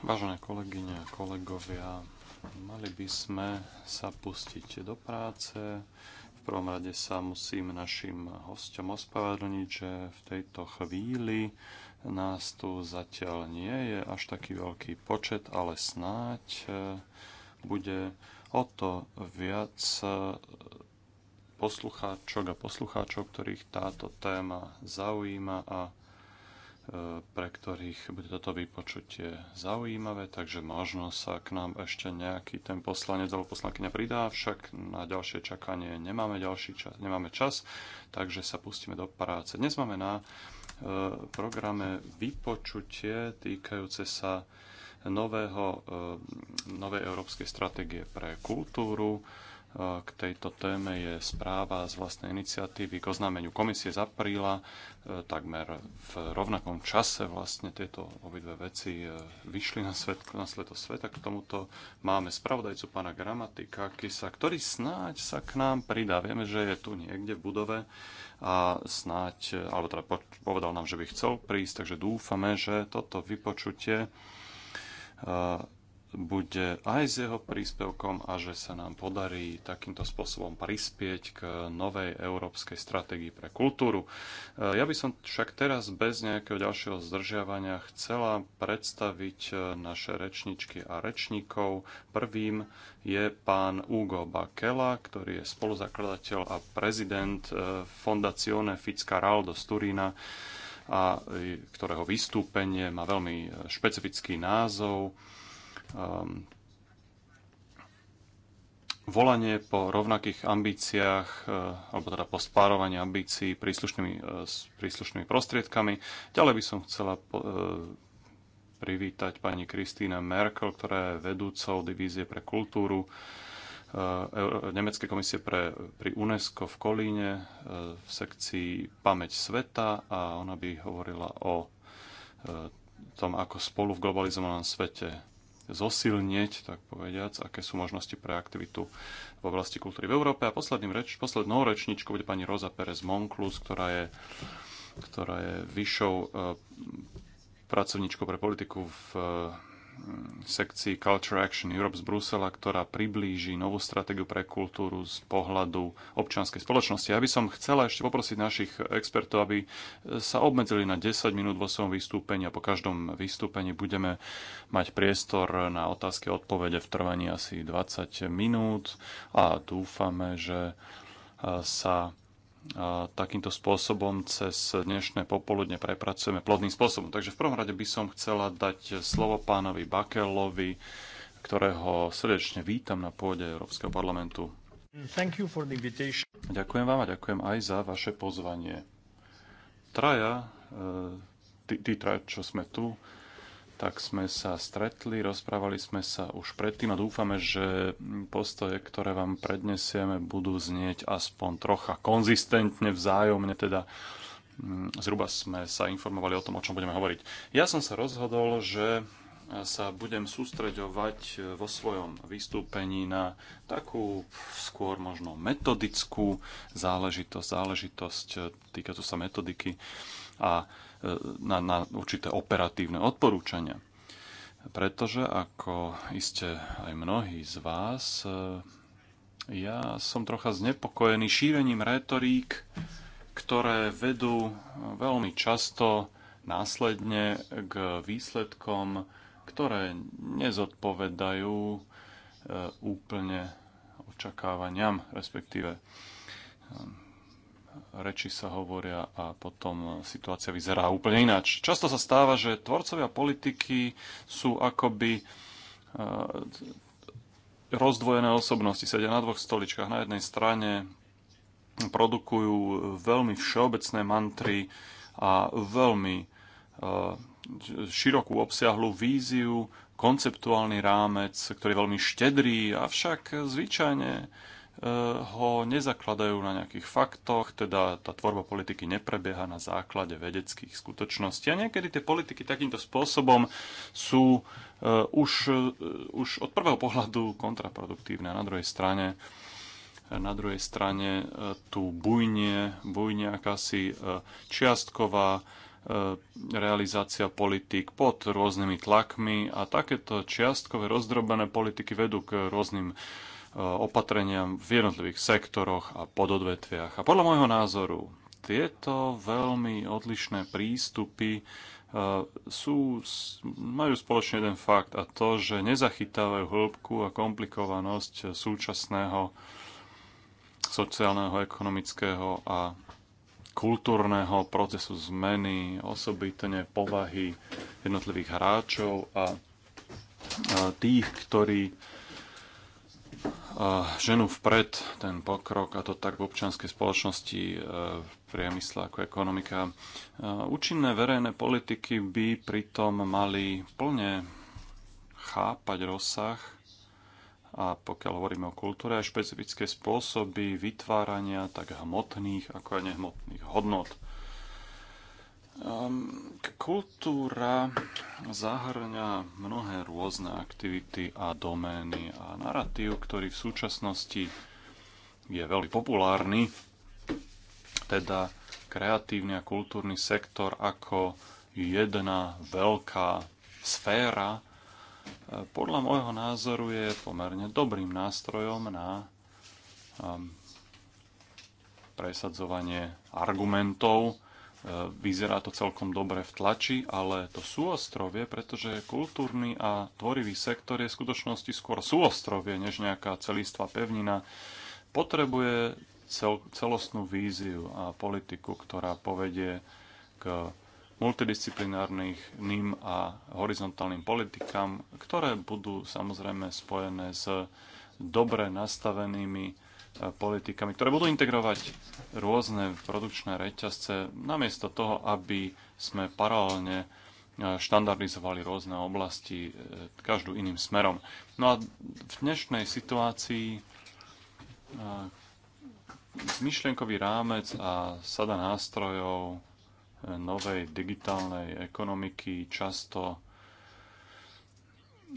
Vážené kolegyne a kolegovia, mali by sme sa pustiť do práce. V prvom rade sa musím našim hostom ospravedlniť, že v tejto chvíli nás tu zatiaľ nie je až taký veľký počet, ale snáď eh, bude o to viac poslucháčok a poslucháčov, ktorých táto téma zaujíma a e, pre ktorých bude toto vypočutie zaujímavé, takže možno sa k nám ešte nejaký ten poslanec alebo poslankyňa pridá, však na ďalšie čakanie nemáme, ďalší čas, nemáme čas, takže sa pustíme do práce. Dnes máme na e, programe vypočutie týkajúce sa nového, e, novej európskej stratégie pre kultúru k tejto téme je správa z vlastnej iniciatívy k oznámeniu komisie z apríla. E, takmer v rovnakom čase vlastne tieto obidve veci e, vyšli na, svet, na sveto sveta. K tomuto máme spravodajcu pána Gramatika Kisa, ktorý snáď sa k nám pridá. Vieme, že je tu niekde v budove a snáď, e, alebo teda povedal nám, že by chcel prísť, takže dúfame, že toto vypočutie bude aj s jeho príspevkom a že sa nám podarí takýmto spôsobom prispieť k novej európskej stratégii pre kultúru. E, ja by som však teraz bez nejakého ďalšieho zdržiavania chcela predstaviť e, naše rečničky a rečníkov. Prvým je pán Ugo Bakela, ktorý je spoluzakladateľ a prezident e, Fondazione Fitzcarraldo z Turína, a ktorého vystúpenie má veľmi špecifický názov um, volanie po rovnakých ambíciách, uh, alebo teda po spárovaní ambícií príslušnými, uh, príslušnými prostriedkami. Ďalej by som chcela uh, privítať pani Kristýne Merkel, ktorá je vedúcou divízie pre kultúru Nemeckej komisie pre, pri UNESCO v Kolíne v sekcii Pamäť sveta a ona by hovorila o tom, ako spolu v globalizovanom svete zosilnieť, tak povediac, aké sú možnosti pre aktivitu v oblasti kultúry v Európe. A posledným reč, poslednou rečničkou bude pani Rosa Perez Monklus, ktorá je, ktorá je vyššou eh, pracovníčkou pre politiku v sekcii Culture Action Europe z Brusela, ktorá priblíži novú stratégiu pre kultúru z pohľadu občianskej spoločnosti. Ja by som chcela ešte poprosiť našich expertov, aby sa obmedzili na 10 minút vo svojom vystúpení a po každom vystúpení budeme mať priestor na otázky a odpovede v trvaní asi 20 minút a dúfame, že sa takýmto spôsobom cez dnešné popoludne prepracujeme plodným spôsobom. Takže v prvom rade by som chcela dať slovo pánovi Bakelovi, ktorého srdečne vítam na pôde Európskeho parlamentu. Ďakujem vám a ďakujem aj za vaše pozvanie. Traja, eh, tí, tí traja, čo sme tu, tak sme sa stretli, rozprávali sme sa už predtým a dúfame, že postoje, ktoré vám prednesieme, budú znieť aspoň trocha konzistentne, vzájomne, teda mm, zhruba sme sa informovali o tom, o čom budeme hovoriť. Ja som sa rozhodol, že sa budem sústreďovať e, vo svojom vystúpení na takú skôr možno metodickú záležitosť, záležitosť e, týkajúcu tu sa metodiky a na, na určité operatívne odporúčania. Pretože, ako iste aj mnohí z vás, e, ja som trocha znepokojený šírením retorík, ktoré vedú e, veľmi často následne k výsledkom, ktoré nezodpovedajú e, úplne očakávaniam, respektíve reči sa hovoria a potom situácia vyzerá úplne ináč. Často sa stáva, že tvorcovia politiky sú akoby e, rozdvojené osobnosti. Sedia na dvoch stoličkách. Na jednej strane produkujú veľmi všeobecné mantry a veľmi e, širokú obsiahlu víziu, konceptuálny rámec, ktorý je veľmi štedrý, avšak zvyčajne Eh, ho nezakladajú na nejakých faktoch, teda tá tvorba politiky neprebieha na základe vedeckých skutočností. A niekedy tie politiky takýmto spôsobom sú eh, už, eh, už od prvého pohľadu kontraproduktívne. A na druhej strane na druhej strane tu bujne, bujne akási čiastková realizácia politik pod rôznymi tlakmi a takéto čiastkové rozdrobené politiky vedú k rôznym opatreniam v jednotlivých sektoroch a pododvetviach. A podľa môjho názoru tieto veľmi odlišné prístupy e, sú, majú spoločne jeden fakt a to, že nezachytávajú hĺbku a komplikovanosť súčasného sociálneho, ekonomického a kultúrneho procesu zmeny, osobitne povahy jednotlivých hráčov a tých, ktorí ženu vpred, ten pokrok, a to tak v občianskej spoločnosti, e, v priemysle ako ekonomika. E, účinné verejné politiky by pritom mali plne chápať rozsah a pokiaľ hovoríme o kultúre, aj špecifické spôsoby vytvárania tak hmotných ako aj nehmotných hodnot. Ehm, kultúra zahrňa mnohé rôzne aktivity a domény a narratív, ktorý v súčasnosti je veľmi populárny, teda kreatívny a kultúrny sektor ako jedna veľká sféra, e, podľa môjho názoru je pomerne dobrým nástrojom na ehm, presadzovanie argumentov Eh, vyzerá to celkom dobre v tlači, ale to súostrovie, pretože kultúrny a tvorivý sektor je v skutočnosti skôr súostrovie, než nejaká celistvá pevnina, potrebuje cel, celostnú víziu a politiku, ktorá povedie k multidisciplinárnym a horizontálnym politikám, ktoré budú samozrejme spojené s dobre nastavenými politikami, ktoré budú integrovať rôzne produkčné reťazce, namiesto toho, aby sme paralelne e, štandardizovali rôzne oblasti e, každú iným smerom. No a v dnešnej situácii e, myšlienkový rámec a sada nástrojov novej digitálnej ekonomiky často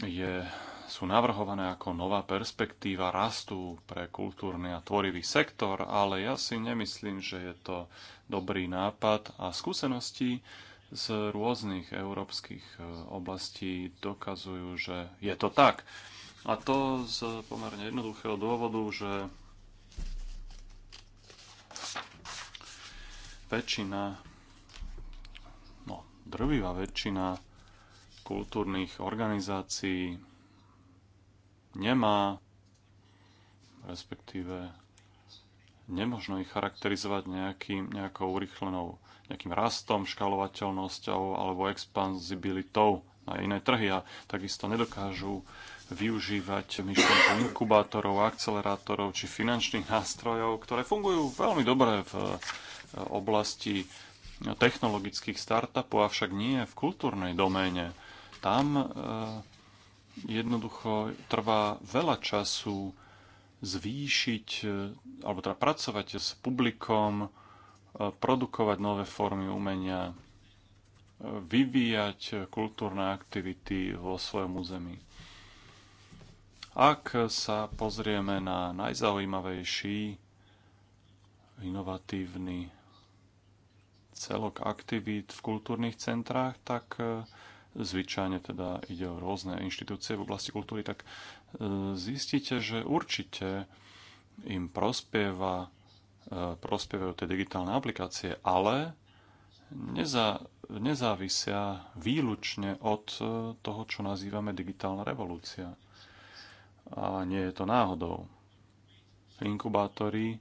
je sú navrhované ako nová perspektíva rastu pre kultúrny a tvorivý sektor, ale ja si nemyslím, že je to dobrý nápad a skúsenosti z rôznych európskych e, oblastí dokazujú, že je to tak. A to z pomerne jednoduchého dôvodu, že väčšina, no drvivá väčšina kultúrnych organizácií nemá, respektíve nemožno ich charakterizovať nejakým, nejakou urychlenou, nejakým rastom, škalovateľnosťou alebo expanzibilitou na iné trhy a takisto nedokážu využívať myšlienku inkubátorov, akcelerátorov či finančných nástrojov, ktoré fungujú veľmi dobre v oblasti technologických startupov, avšak nie v kultúrnej doméne. Tam e, jednoducho trvá veľa času zvýšiť, e, alebo teda pracovať s publikom, e, produkovať nové formy umenia, e, vyvíjať kultúrne aktivity vo svojom území. Ak sa pozrieme na najzaujímavejší inovatívny celok aktivít v kultúrnych centrách, tak zvyčajne teda ide o rôzne inštitúcie v oblasti kultúry, tak e, zistíte, že určite im prospieva, e, prospievajú tie digitálne aplikácie, ale neza, nezávisia výlučne od e, toho, čo nazývame digitálna revolúcia. A nie je to náhodou. Inkubátory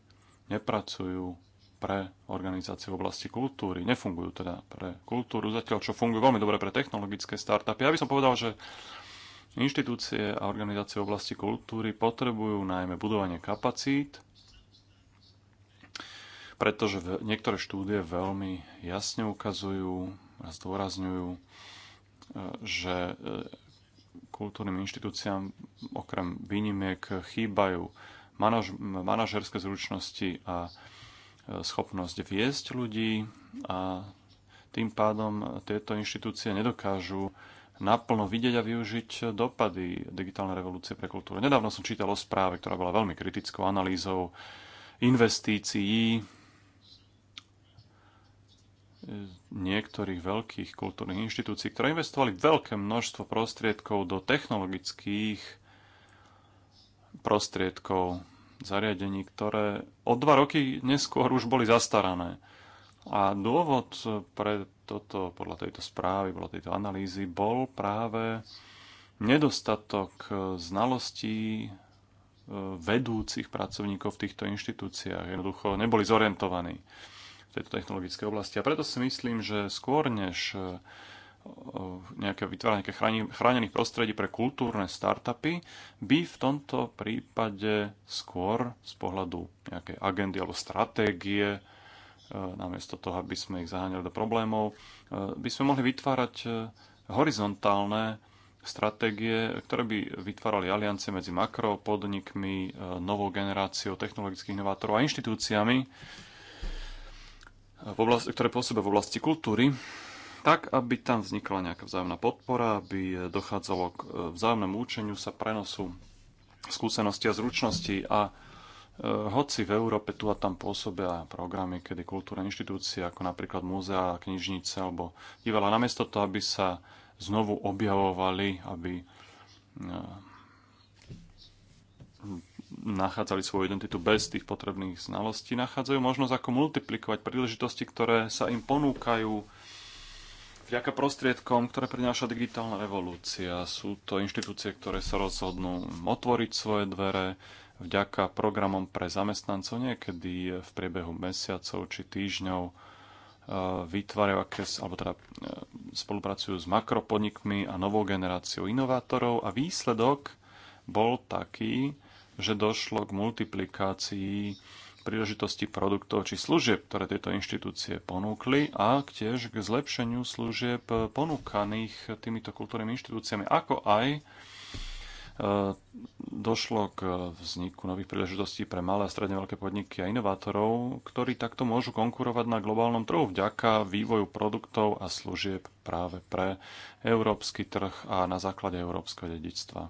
nepracujú pre organizácie v oblasti kultúry. Nefungujú teda pre kultúru, zatiaľ čo fungujú veľmi dobre pre technologické startupy. Ja by som povedal, že inštitúcie a organizácie v oblasti kultúry potrebujú najmä budovanie kapacít, pretože niektoré štúdie veľmi jasne ukazujú a zdôrazňujú, e, že e, kultúrnym inštitúciám okrem výnimiek chýbajú manažerské zručnosti a schopnosť viesť ľudí a tým pádom tieto inštitúcie nedokážu naplno vidieť a využiť dopady digitálnej revolúcie pre kultúru. Nedávno som čítal o správe, ktorá bola veľmi kritickou analýzou investícií niektorých veľkých kultúrnych inštitúcií, ktoré investovali veľké množstvo prostriedkov do technologických prostriedkov zariadení, ktoré o dva roky neskôr už boli zastarané. A dôvod pre toto, podľa tejto správy, podľa tejto analýzy, bol práve nedostatok znalostí e, vedúcich pracovníkov v týchto inštitúciách. Jednoducho neboli zorientovaní v tejto technologickej oblasti. A preto si myslím, že skôr než Eh, nejaké vytváranie nejaké chránených prostredí pre kultúrne startupy by v tomto prípade skôr z pohľadu nejakej agendy alebo stratégie, eh, namiesto toho, aby sme ich zaháňali do problémov, eh, by sme mohli vytvárať horizontálne stratégie, ktoré by vytvárali aliancie medzi makropodnikmi, novou generáciou technologických inovátorov a inštitúciami, ktoré pôsobia v oblasti kultúry tak, aby tam vznikla nejaká vzájomná podpora, aby eh, dochádzalo k eh, vzájomnému účeniu sa prenosu skúsenosti a zručnosti a eh, hoci v Európe tu a tam pôsobia programy, kedy kultúrne inštitúcie, ako napríklad múzea, knižnice alebo divadla, namiesto toho, aby sa znovu objavovali, aby nachádzali svoju identitu bez tých potrebných znalostí, nachádzajú možnosť ako multiplikovať príležitosti, ktoré sa im ponúkajú vďaka prostriedkom, ktoré prináša digitálna revolúcia. Sú to inštitúcie, ktoré sa rozhodnú otvoriť svoje dvere vďaka programom pre zamestnancov niekedy v priebehu mesiacov či týždňov e, vytvárajú alebo teda e, spolupracujú s makropodnikmi a novou generáciou inovátorov a výsledok bol taký, že došlo k multiplikácii príležitosti produktov či služieb, ktoré tieto inštitúcie ponúkli a tiež k zlepšeniu služieb ponúkaných týmito kultúrnymi inštitúciami, ako aj e, došlo k vzniku nových príležitostí pre malé a stredne veľké podniky a inovátorov, ktorí takto môžu konkurovať na globálnom trhu vďaka vývoju produktov a služieb práve pre európsky trh a na základe európskeho dedictva.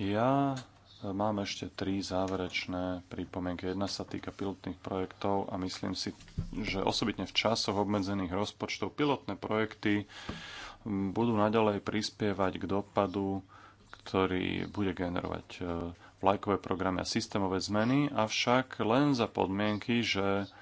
Ja Mám ešte tri záverečné pripomienky. Jedna sa týka pilotných projektov a myslím si, že osobitne v časoch obmedzených rozpočtov pilotné projekty budú naďalej prispievať k dopadu, ktorý bude generovať e, vlajkové programy a systémové zmeny, avšak len za podmienky, že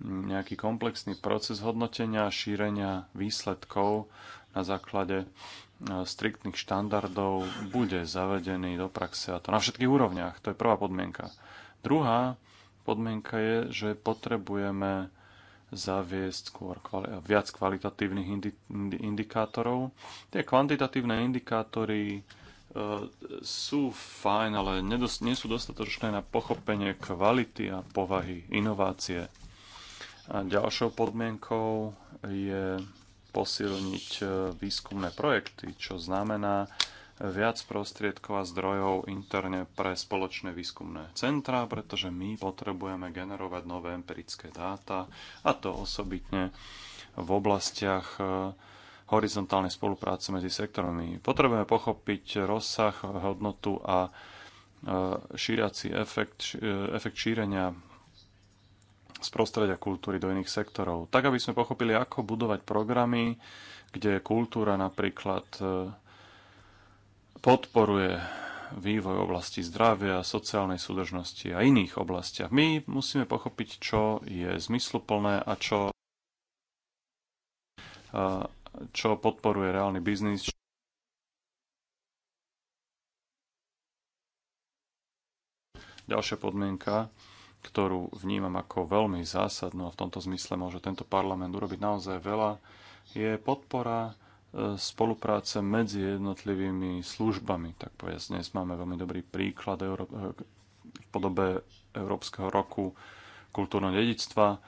nejaký komplexný proces hodnotenia a šírenia výsledkov na základe E, striktných štandardov bude zavedený do praxe a to na všetkých úrovniach. To je prvá podmienka. Druhá podmienka je, že potrebujeme zaviesť skôr kvali- viac kvalitatívnych indi- indikátorov. Tie kvantitatívne indikátory e, sú fajn, ale nedos- nie sú dostatočné na pochopenie kvality a povahy inovácie. A ďalšou podmienkou je posilniť e, výskumné projekty, čo znamená e, viac prostriedkov a zdrojov interne pre spoločné výskumné centra, pretože my potrebujeme generovať nové empirické dáta a to osobitne v oblastiach e, horizontálnej spolupráce medzi sektormi. Potrebujeme pochopiť rozsah, hodnotu a šíriaci efekt, efekt šírenia z prostredia kultúry do iných sektorov. Tak, aby sme pochopili, ako budovať programy, kde kultúra napríklad e, podporuje vývoj oblasti zdravia, sociálnej súdržnosti a iných oblastiach. My musíme pochopiť, čo je zmysluplné a čo, e, čo podporuje reálny biznis, ďalšia podmienka ktorú vnímam ako veľmi zásadnú a v tomto zmysle môže tento parlament urobiť naozaj veľa, je podpora e, spolupráce medzi jednotlivými službami. Tak povedz, dnes máme veľmi dobrý príklad e, v podobe Európskeho roku kultúrneho dedictva,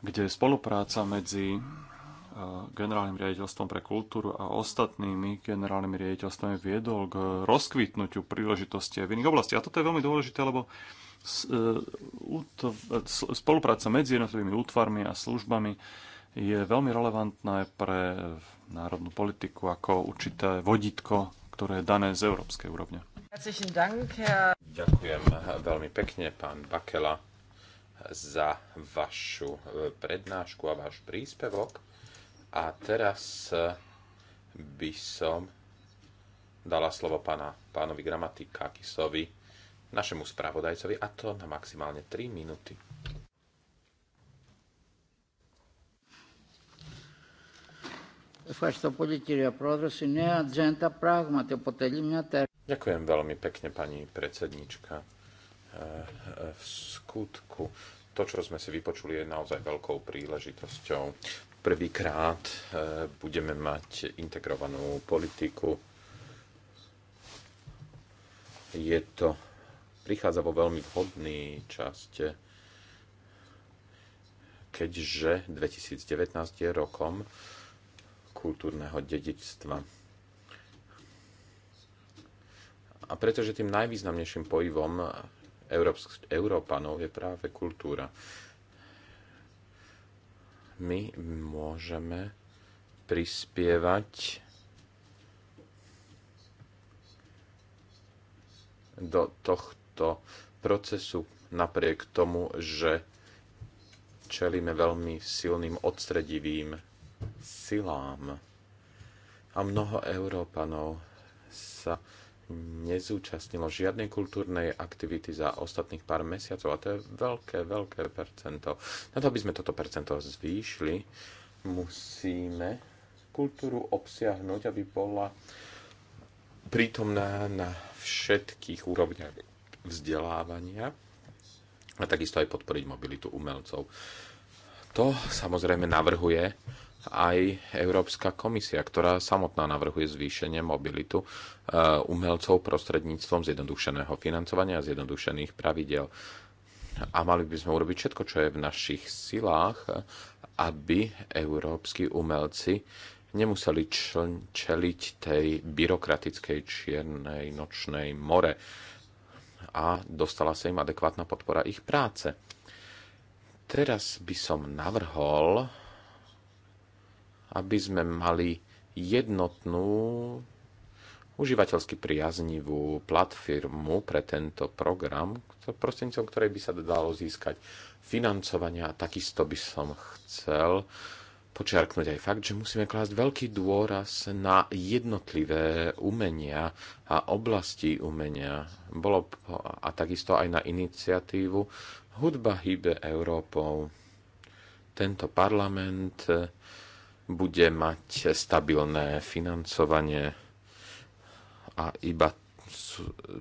kde spolupráca medzi generálnym riaditeľstvom pre kultúru a ostatnými generálnymi riaditeľstvami viedol k rozkvitnutiu príležitosti v iných oblastiach. A toto je veľmi dôležité, lebo e, spolupráca medzi jednotlivými útvarmi a službami je veľmi relevantná pre národnú politiku ako určité vodítko, ktoré je dané z európskej úrovne. Ďakujem veľmi pekne, pán Bakela, za vašu e, prednášku a váš príspevok. A teraz eh, by som dala slovo pána, pánovi gramatika Kisovi, našemu spravodajcovi, a to na maximálne 3 minúty. Ďakujem veľmi pekne, pani predsednička. V skutku, to, čo sme si vypočuli, je naozaj veľkou príležitosťou. Prvýkrát e, budeme mať integrovanú politiku. Je to, prichádza vo veľmi vhodný časť, e, keďže 2019 je rokom kultúrneho dedičstva. A pretože tým najvýznamnejším pojivom Európanov je práve kultúra my môžeme prispievať do tohto procesu napriek tomu, že čelíme veľmi silným odstredivým silám. A mnoho Európanov sa nezúčastnilo žiadnej kultúrnej aktivity za ostatných pár mesiacov a to je veľké, veľké percento. Na to, aby sme toto percento zvýšili, musíme kultúru obsiahnuť, aby bola prítomná na všetkých úrovniach vzdelávania a takisto aj podporiť mobilitu umelcov. To samozrejme navrhuje aj Európska komisia, ktorá samotná navrhuje zvýšenie mobilitu e, umelcov prostredníctvom zjednodušeného financovania a zjednodušených pravidel. A mali by sme urobiť všetko, čo je v našich silách, aby európsky umelci nemuseli čeliť tej byrokratickej čiernej nočnej more a dostala sa im adekvátna podpora ich práce. Teraz by som navrhol, aby sme mali jednotnú užívateľsky priaznivú platformu pre tento program, prostredníctvom ktorej by sa dalo získať financovania a takisto by som chcel počiarknúť aj fakt, že musíme klásť veľký dôraz na jednotlivé umenia a oblasti umenia. Bolo a takisto aj na iniciatívu Hudba hýbe Európou. Tento parlament bude mať stabilné financovanie a iba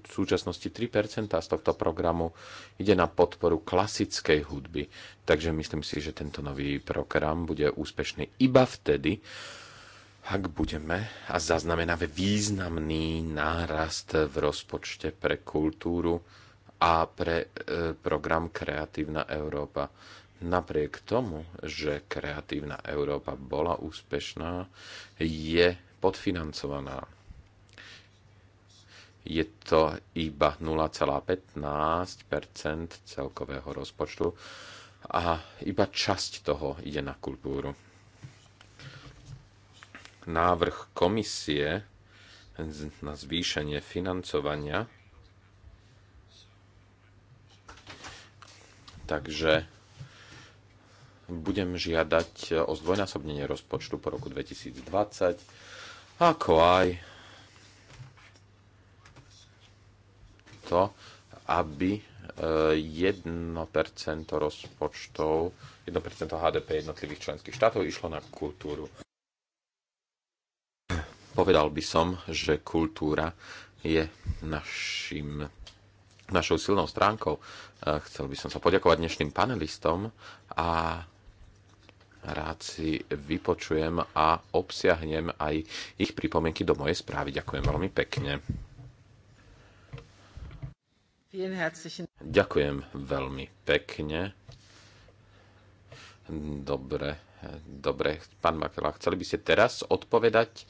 v súčasnosti 3% z tohto programu ide na podporu klasickej hudby. Takže myslím si, že tento nový program bude úspešný iba vtedy, ak budeme a zaznamenáme významný nárast v rozpočte pre kultúru a pre e, program Kreatívna Európa napriek tomu, že kreatívna Európa bola úspešná, je podfinancovaná. Je to iba 0,15 celkového rozpočtu a iba časť toho ide na kultúru. Návrh komisie na zvýšenie financovania. Takže budem žiadať e, o zdvojnásobnenie rozpočtu po roku 2020, ako aj to, aby 1% e, rozpočtov, 1% HDP jednotlivých členských štátov išlo na kultúru. Povedal by som, že kultúra je našim, našou silnou stránkou. E, chcel by som sa poďakovať dnešným panelistom a rád si vypočujem a obsiahnem aj ich pripomienky do mojej správy. Ďakujem veľmi pekne. Ďakujem veľmi pekne. Dobre, dobre. Pán Bakela, chceli by ste teraz odpovedať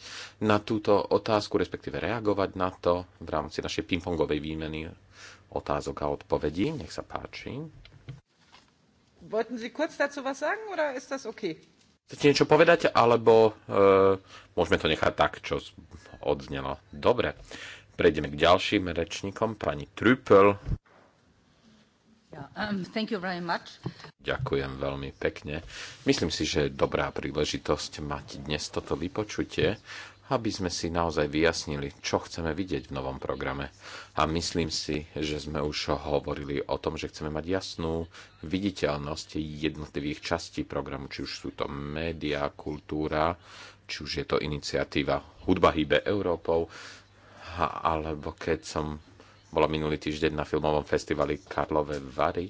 na túto otázku, respektíve reagovať na to v rámci našej pingpongovej výmeny otázok a odpovedí. Nech sa páči. Wollten Sie kurz dazu was sagen, oder ist das okay? Chcete niečo povedať, alebo e, môžeme to nechať tak, čo odznelo. Dobre, prejdeme k ďalším rečníkom. Pani Trüppel. Yeah, um, thank you very much. Ďakujem veľmi pekne. Myslím si, že je dobrá príležitosť mať dnes toto vypočutie, aby sme si naozaj vyjasnili, čo chceme vidieť v novom programe. A myslím si, že sme už hovorili o tom, že chceme mať jasnú viditeľnosť jednotlivých častí programu, či už sú to média, kultúra, či už je to iniciatíva Hudba hýbe Európou, alebo keď som bola minulý týždeň na filmovom festivali Karlové Vary.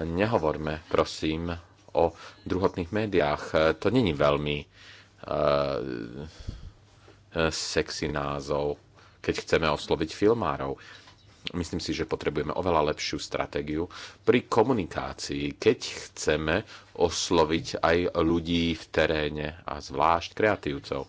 Nehovorme, prosím, o druhotných médiách. To není veľmi uh, E, sexy názov, keď chceme osloviť filmárov. Myslím si, že potrebujeme oveľa lepšiu stratégiu pri komunikácii, keď chceme osloviť aj ľudí v teréne a zvlášť kreatívcov.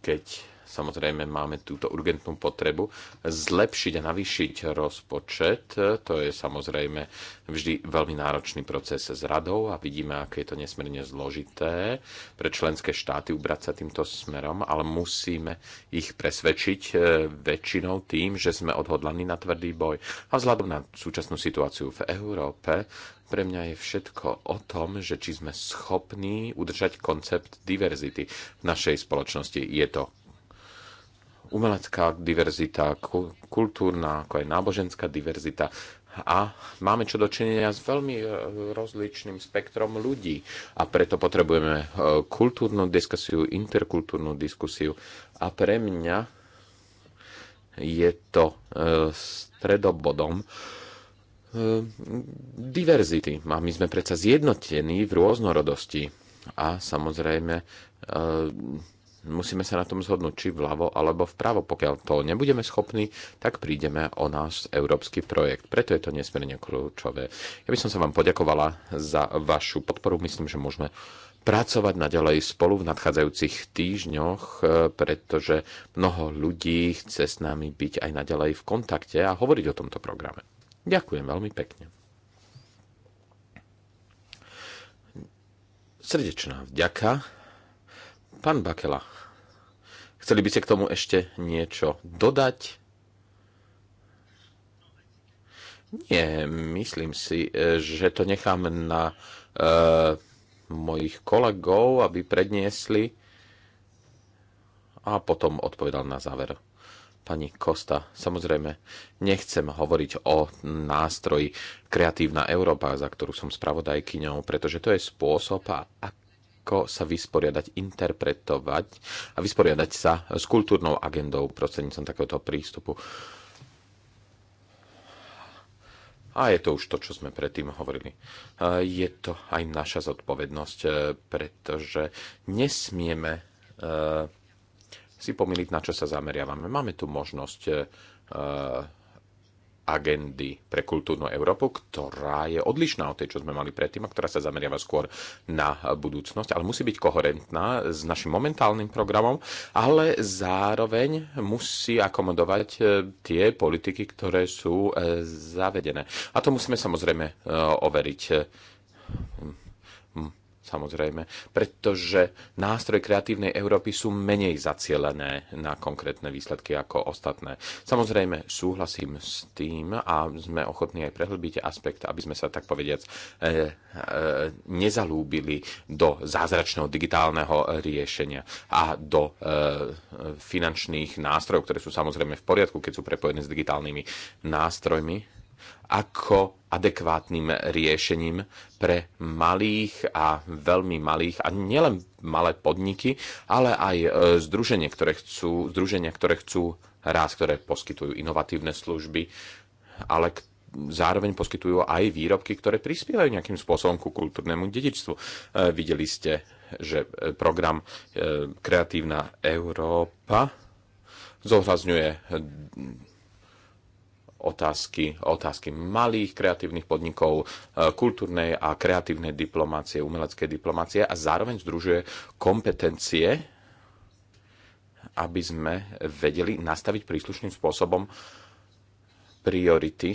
Keď Samozrejme máme túto urgentnú potrebu zlepšiť a navýšiť rozpočet. To je samozrejme vždy veľmi náročný proces s radou a vidíme, aké je to nesmierne zložité pre členské štáty ubrať sa týmto smerom, ale musíme ich presvedčiť e, väčšinou tým, že sme odhodlaní na tvrdý boj. A vzhľadom na súčasnú situáciu v Európe, pre mňa je všetko o tom, že či sme schopní udržať koncept diverzity v našej spoločnosti. Je to umelecká diverzita, kultúrna, ako aj náboženská diverzita. A máme čo dočinenia s veľmi e, rozličným spektrom ľudí a preto potrebujeme e, kultúrnu diskusiu, interkultúrnu diskusiu. A pre mňa je to e, stredobodom diverzity. A my sme predsa zjednotení v rôznorodosti. A samozrejme musíme sa na tom zhodnúť, či vľavo alebo vpravo. Pokiaľ to nebudeme schopní, tak prídeme o náš európsky projekt. Preto je to nesmierne kľúčové. Ja by som sa vám poďakovala za vašu podporu. Myslím, že môžeme pracovať naďalej spolu v nadchádzajúcich týždňoch, eh, pretože mnoho ľudí chce s nami byť aj naďalej v kontakte a hovoriť o tomto programe. Ďakujem veľmi pekne. Srdečná vďaka. Pán Bakela, Chceli by ste k tomu ešte niečo dodať? Nie, myslím si, e, že to nechám na uh, mojich kolegov, aby predniesli a potom odpovedal na záver pani Kosta. Samozrejme, nechcem hovoriť o nástroji Kreatívna Európa, za ktorú som spravodajkyňou, pretože to je spôsob, ako ako sa vysporiadať, interpretovať a vysporiadať sa s kultúrnou agendou prostredníctvom takéhoto prístupu. A je to už to, čo sme predtým hovorili. Je to aj naša zodpovednosť, e, pretože nesmieme e, si pomýliť, na čo sa zameriavame. Máme tu možnosť e, agendy pre kultúrnu Európu, ktorá je odlišná od tej, čo sme mali predtým a ktorá sa zameriava skôr na budúcnosť, ale musí byť koherentná s našim momentálnym programom, ale zároveň musí akomodovať e, tie politiky, ktoré sú e, zavedené. A to musíme samozrejme e, overiť samozrejme, pretože nástroje kreatívnej Európy sú menej zacielené na konkrétne výsledky ako ostatné. Samozrejme, súhlasím s tým a sme ochotní aj prehlbiť aspekt, aby sme sa tak povediac e, e, nezalúbili do zázračného digitálneho riešenia a do e, finančných nástrojov, ktoré sú samozrejme v poriadku, keď sú prepojené s digitálnymi nástrojmi ako adekvátnym riešením pre malých a veľmi malých a nielen malé podniky, ale aj e, združenia, ktoré chcú, združenia, ktoré chcú rás, ktoré poskytujú inovatívne služby, ale zároveň poskytujú aj výrobky, ktoré prispievajú nejakým spôsobom ku kultúrnemu dedičstvu. E, videli ste, že e, program Kreatívna Európa zohrazňuje otázky, otázky malých kreatívnych podnikov, e, kultúrnej a kreatívnej diplomácie, umeleckej diplomácie a zároveň združuje kompetencie, aby sme vedeli nastaviť príslušným spôsobom priority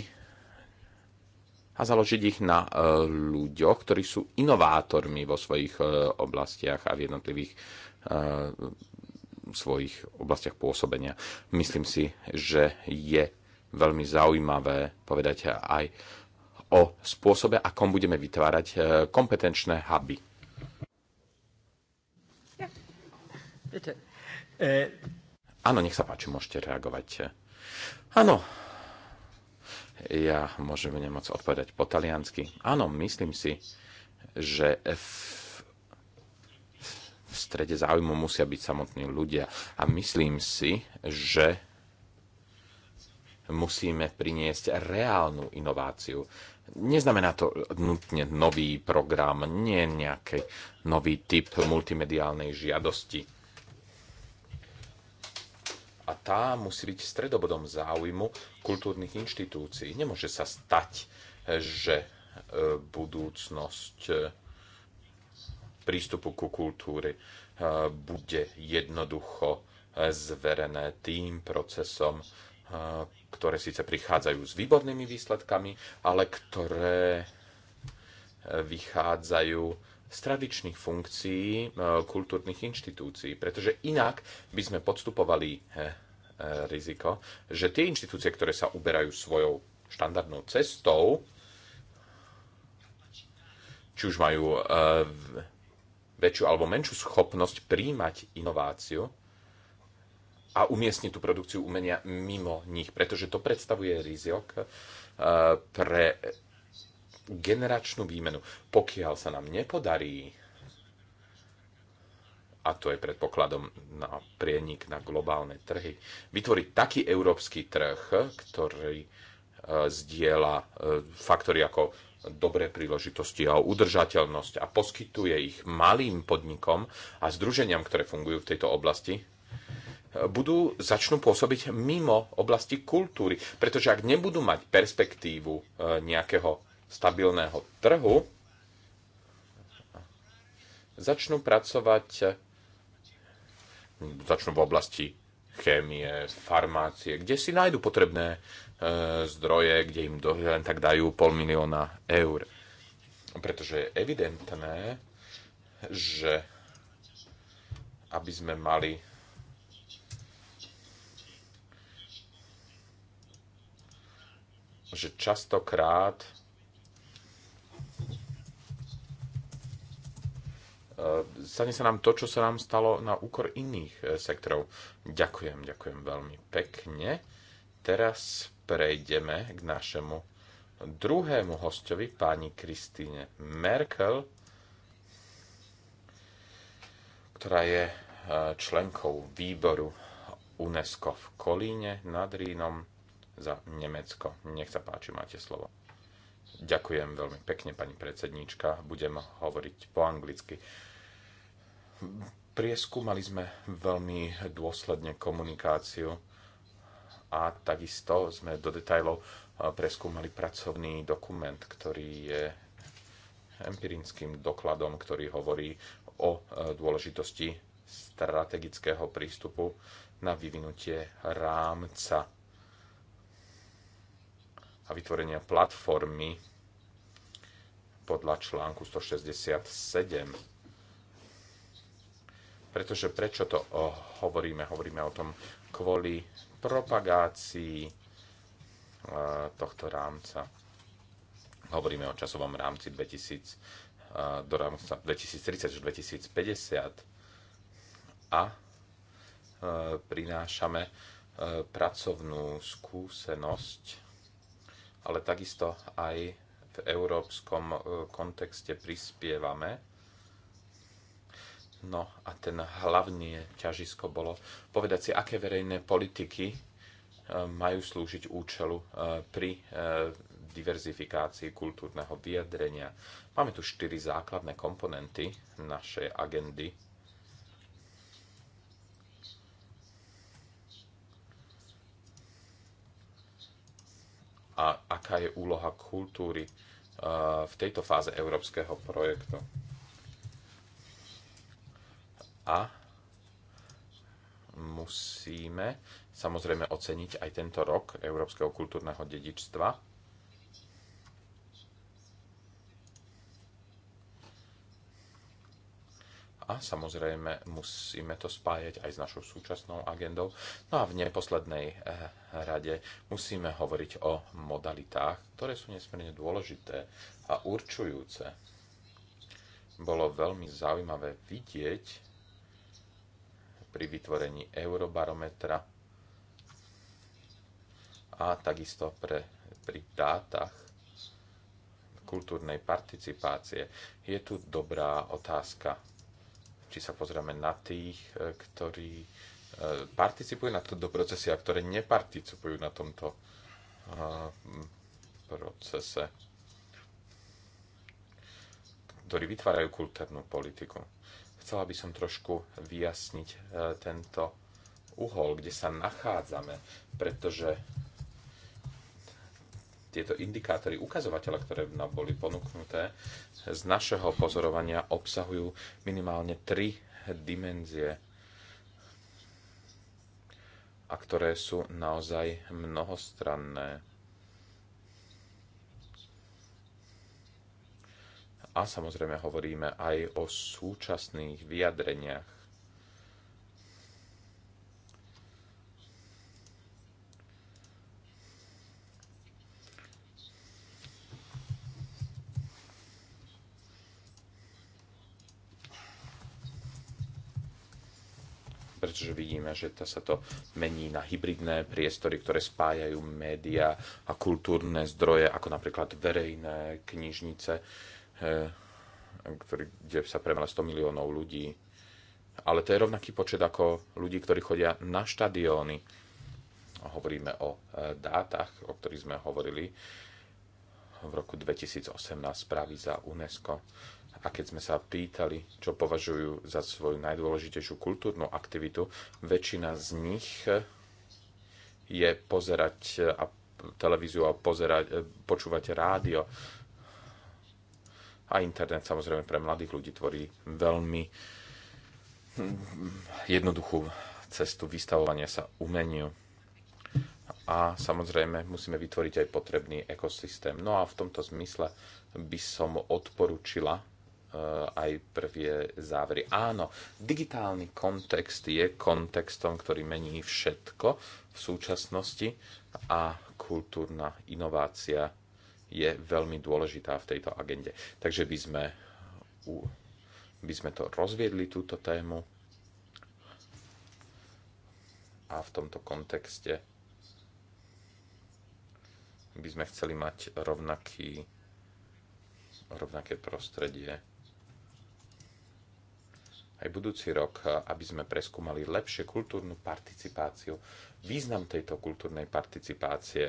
a založiť ich na e, ľuďoch, ktorí sú inovátormi vo svojich e, oblastiach a v jednotlivých svojich oblastiach pôsobenia. Myslím si, že je veľmi zaujímavé povedať aj o spôsobe, akom budeme vytvárať e, kompetenčné huby. E, Áno, nech sa páči, môžete reagovať. Áno, ja môžem nemoc odpovedať po taliansky. Áno, myslím si, že F v strede záujmu musia byť samotní ľudia. A myslím si, že musíme priniesť reálnu inováciu. Neznamená to nutne nový program, nie nejaký nový typ multimediálnej žiadosti. A tá musí byť stredobodom záujmu kultúrnych inštitúcií. Nemôže sa stať, že e, budúcnosť e, prístupu ku kultúry e, bude jednoducho zverené tým procesom ktoré síce prichádzajú s výbornými výsledkami, ale ktoré e, vychádzajú z tradičných funkcií e, kultúrnych inštitúcií. Pretože inak by sme podstupovali e, riziko, že tie inštitúcie, ktoré sa uberajú svojou štandardnou cestou, či už majú väčšiu alebo menšiu schopnosť príjmať inováciu, a umiestniť tú produkciu umenia mimo nich, pretože to predstavuje rizik eh, pre generačnú výmenu. Pokiaľ sa nám nepodarí, a to je predpokladom na prienik na globálne trhy, vytvoriť taký európsky trh, ktorý eh, zdieľa eh, faktory ako dobré príležitosti a udržateľnosť a poskytuje ich malým podnikom a združeniam, ktoré fungujú v tejto oblasti, budú, začnú pôsobiť mimo oblasti kultúry. Pretože ak nebudú mať perspektívu e, nejakého stabilného trhu, začnú pracovať e, začnú v oblasti chémie, farmácie, kde si nájdu potrebné e, zdroje, kde im do, len tak dajú pol milióna eur. Pretože je evidentné, že aby sme mali že častokrát e, stane sa nám to, čo sa nám stalo na úkor iných e, sektorov. Ďakujem, ďakujem veľmi pekne. Teraz prejdeme k našemu druhému hostovi, pani Kristýne Merkel, ktorá je e, členkou výboru UNESCO v Kolíne nad Rínom za Nemecko. Nech sa páči, máte slovo. Ďakujem veľmi pekne, pani predsedníčka. Budem hovoriť po anglicky. Prieskúmali sme veľmi dôsledne komunikáciu a takisto sme do detajlov eh, preskúmali pracovný dokument, ktorý je empirickým dokladom, ktorý hovorí o eh, dôležitosti strategického prístupu na vyvinutie rámca a vytvorenia platformy podľa článku 167. Pretože prečo to hovoríme? Hovoríme o tom kvôli propagácii e, tohto rámca. Hovoríme o časovom rámci 2000, e, do rámca 2030 až 2050 a e, prinášame pracovnú skúsenosť ale takisto aj v európskom e, kontexte prispievame. No a ten hlavné ťažisko bolo povedať si, aké verejné politiky e, majú slúžiť účelu e, pri diverzifikácii kultúrneho vyjadrenia. Máme tu štyri základné komponenty našej agendy a aká je úloha kultúry uh, v tejto fáze európskeho projektu. A musíme samozrejme oceniť aj tento rok európskeho kultúrneho dedičstva, a samozrejme musíme to spájať aj s našou súčasnou agendou. No a v neposlednej eh, rade musíme hovoriť o modalitách, ktoré sú nesmierne dôležité a určujúce. Bolo veľmi zaujímavé vidieť pri vytvorení eurobarometra a takisto pre, pri dátach kultúrnej participácie. Je tu dobrá otázka či sa pozrieme na tých, e, ktorí e, participujú na tomto procese a ktoré neparticipujú na tomto e, procese, ktorí vytvárajú kultúrnu politiku. Chcela by som trošku vyjasniť tento uhol, kde sa nachádzame, pretože tieto indikátory, ukazovateľa, ktoré nám boli ponúknuté, z našeho pozorovania obsahujú minimálne tri dimenzie, a ktoré sú naozaj mnohostranné. A samozrejme hovoríme aj o súčasných vyjadreniach že to sa to mení na hybridné priestory, ktoré spájajú médiá a kultúrne zdroje, ako napríklad verejné knižnice, eh, ktorý, kde sa premala 100 miliónov ľudí. Ale to je rovnaký počet ako ľudí, ktorí chodia na štadióny. Hovoríme o eh, dátach, o ktorých sme hovorili v roku 2018 správy za UNESCO a keď sme sa pýtali, čo považujú za svoju najdôležitejšiu kultúrnu aktivitu, väčšina z nich je pozerať a televíziu a pozerať, e, počúvať rádio. A internet samozrejme pre mladých ľudí tvorí veľmi hm, jednoduchú cestu vystavovania sa umeniu. A samozrejme musíme vytvoriť aj potrebný ekosystém. No a v tomto zmysle by som odporučila Eh, aj prvé závery. Áno, digitálny kontext je kontextom, ktorý mení všetko v súčasnosti a kultúrna inovácia je veľmi dôležitá v tejto agende. Takže by sme, by sme to rozviedli, túto tému a v tomto kontexte by sme chceli mať rovnaký, rovnaké prostredie aj budúci rok, eh, aby sme preskúmali lepšie kultúrnu participáciu, význam tejto kultúrnej participácie.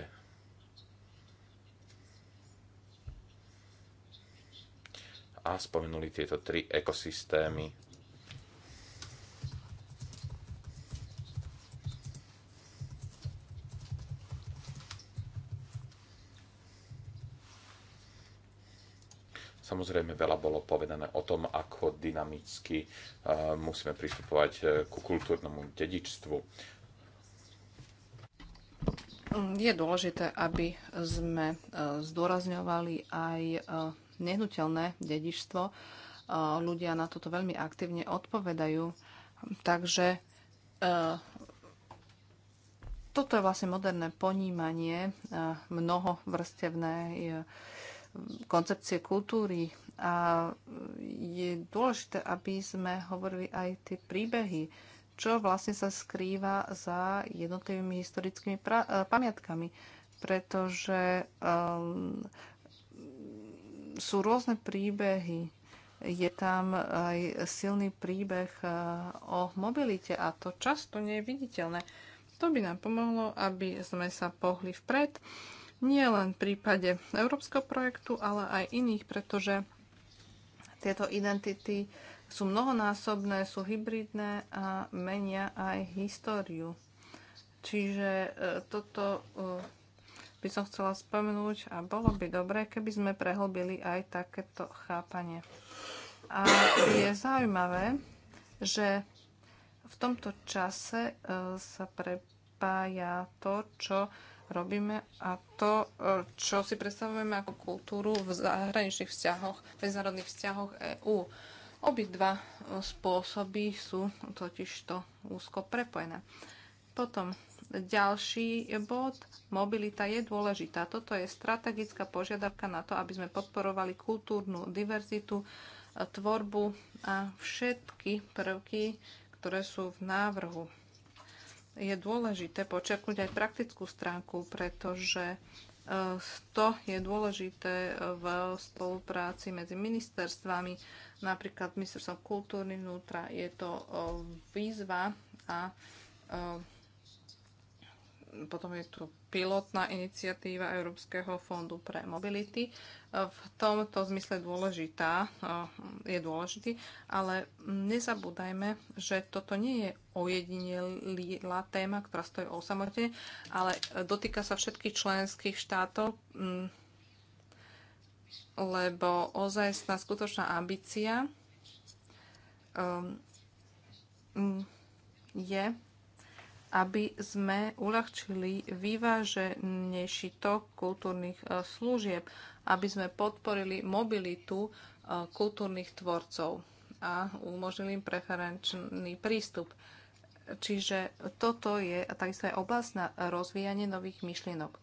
A spomenuli tieto tri ekosystémy Samozrejme, veľa bolo povedané o tom, ako dynamicky e, musíme pristupovať e, ku kultúrnemu dedičstvu. Je dôležité, aby sme e, zdôrazňovali aj nehnuteľné dedičstvo. Ľudia na toto veľmi aktívne odpovedajú, takže toto je vlastne moderné ponímanie mnohovrstevnej koncepcie kultúry a je dôležité, aby sme hovorili aj tie príbehy, čo vlastne sa skrýva za jednotlivými historickými e, pamiatkami, pretože um, sú rôzne príbehy. Je tam aj silný príbeh e, o mobilite a to často nie je viditeľné. To by nám pomohlo, aby sme sa pohli vpred nie len v prípade európskeho projektu, ale aj iných, pretože tieto identity sú mnohonásobné, sú hybridné a menia aj históriu. Čiže e, toto e, by som chcela spomenúť a bolo by dobré, keby sme prehlbili aj takéto chápanie. A je zaujímavé, že v tomto čase e, sa prepája to, čo robíme a to, e, čo si predstavujeme ako kultúru v zahraničných vzťahoch, v medzinárodných vzťahoch EÚ. Obidva e, spôsoby sú totižto úzko prepojené. Potom ďalší bod. Mobilita je dôležitá. Toto je strategická požiadavka na to, aby sme podporovali kultúrnu diverzitu, e, tvorbu a všetky prvky, ktoré sú v návrhu je dôležité počerknúť aj praktickú stránku, pretože e, to je dôležité v spolupráci medzi ministerstvami, napríklad ministerstvom kultúry vnútra. Je to e, výzva a e, potom je tu pilotná iniciatíva Európskeho fondu pre mobility. V tomto zmysle dôležitá, eh, je dôležitý, ale nezabúdajme, že toto nie je ojedinelá téma, ktorá stojí o samote, ale dotýka sa všetkých členských štátov, mm, lebo ozajstná skutočná ambícia eh, mm, je aby sme uľahčili vyváženejší tok kultúrnych e, služieb, aby sme podporili mobilitu e, kultúrnych tvorcov a umožnili im preferenčný prístup. Čiže toto je takisto aj oblasť na rozvíjanie nových myšlienok.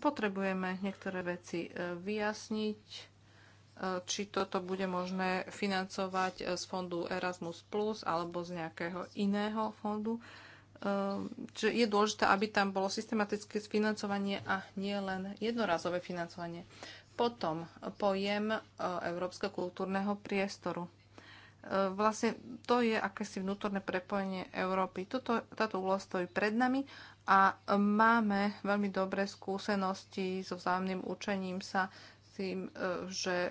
Potrebujeme niektoré veci e, vyjasniť, E, či toto bude možné financovať e, z fondu Erasmus+, alebo z nejakého iného fondu. Čiže e, je dôležité, aby tam bolo systematické financovanie a nie len jednorazové financovanie. Potom pojem Európskeho kultúrneho priestoru. Vlastne to je akési vnútorné prepojenie Európy. Toto, táto úloha stojí pred nami a máme veľmi dobré skúsenosti so vzájomným učením sa tým, e, že e,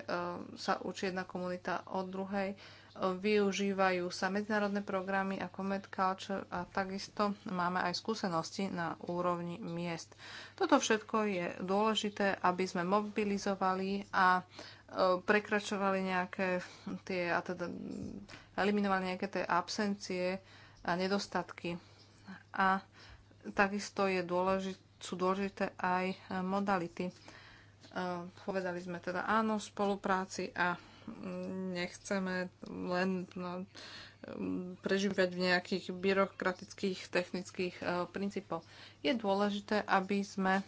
sa učí jedna komunita od druhej. E, využívajú sa medzinárodné programy ako MedCulture a takisto máme aj skúsenosti na úrovni miest. Toto všetko je dôležité, aby sme mobilizovali a prekračovali nejaké tie, a teda eliminovali nejaké tie absencie a nedostatky. A takisto je dôležité, sú dôležité aj modality Eh, povedali sme teda áno spolupráci a nechceme len no, eh, prežívať v nejakých byrokratických, technických uh, princípoch. Je dôležité, aby sme uh,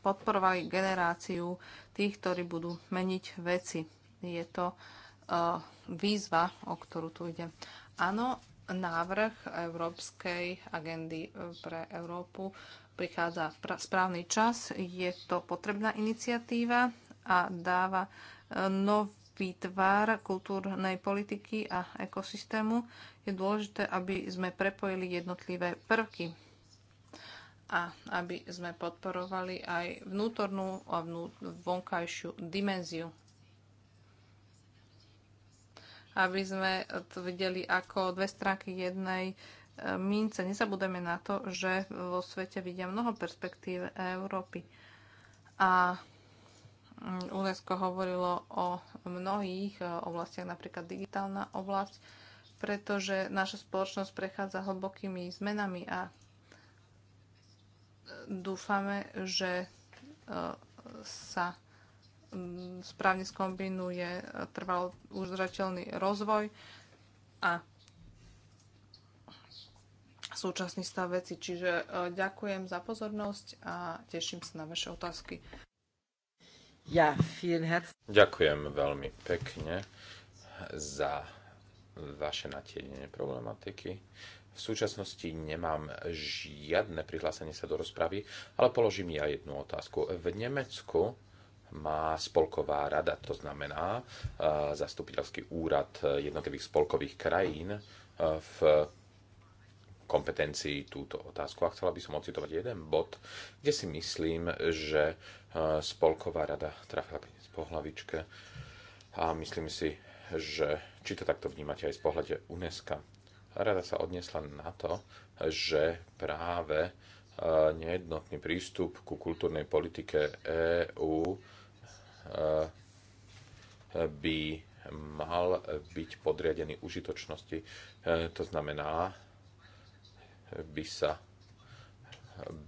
podporovali generáciu tých, ktorí budú meniť veci. Je to uh, výzva, o ktorú tu ide. Áno, návrh Európskej agendy pre Európu prichádza správny čas, je to potrebná iniciatíva a dáva e, nový tvar kultúrnej politiky a ekosystému. Je dôležité, aby sme prepojili jednotlivé prvky a aby sme podporovali aj vnútornú a vnú, vonkajšiu dimenziu. Aby sme videli ako dve stránky jednej mince. Nezabudeme na to, že vo svete vidia mnoho perspektív Európy. A mm, UNESCO hovorilo o mnohých e, oblastiach, napríklad digitálna oblasť, pretože naša spoločnosť prechádza hlbokými zmenami a e, dúfame, že e, sa mm, správne skombinuje trvalo udržateľný rozvoj a súčasný stav veci. Čiže e, ďakujem za pozornosť a teším sa na vaše otázky. Ja, Ďakujem veľmi pekne za vaše natiedenie problematiky. V súčasnosti nemám žiadne prihlásenie sa do rozpravy, ale položím ja jednu otázku. V Nemecku má spolková rada, to znamená e, zastupiteľský úrad jednotlivých spolkových krajín e, v kompetencií túto otázku. A chcela by som ocitovať jeden bod, kde si myslím, že e, Spolková rada trafila peniaz po hlavičke a myslím si, že či to takto vnímate aj z pohľade UNESCO. Rada sa odnesla na to, že práve e, nejednotný prístup ku kultúrnej politike EÚ e, by mal byť podriadený užitočnosti. To znamená, by sa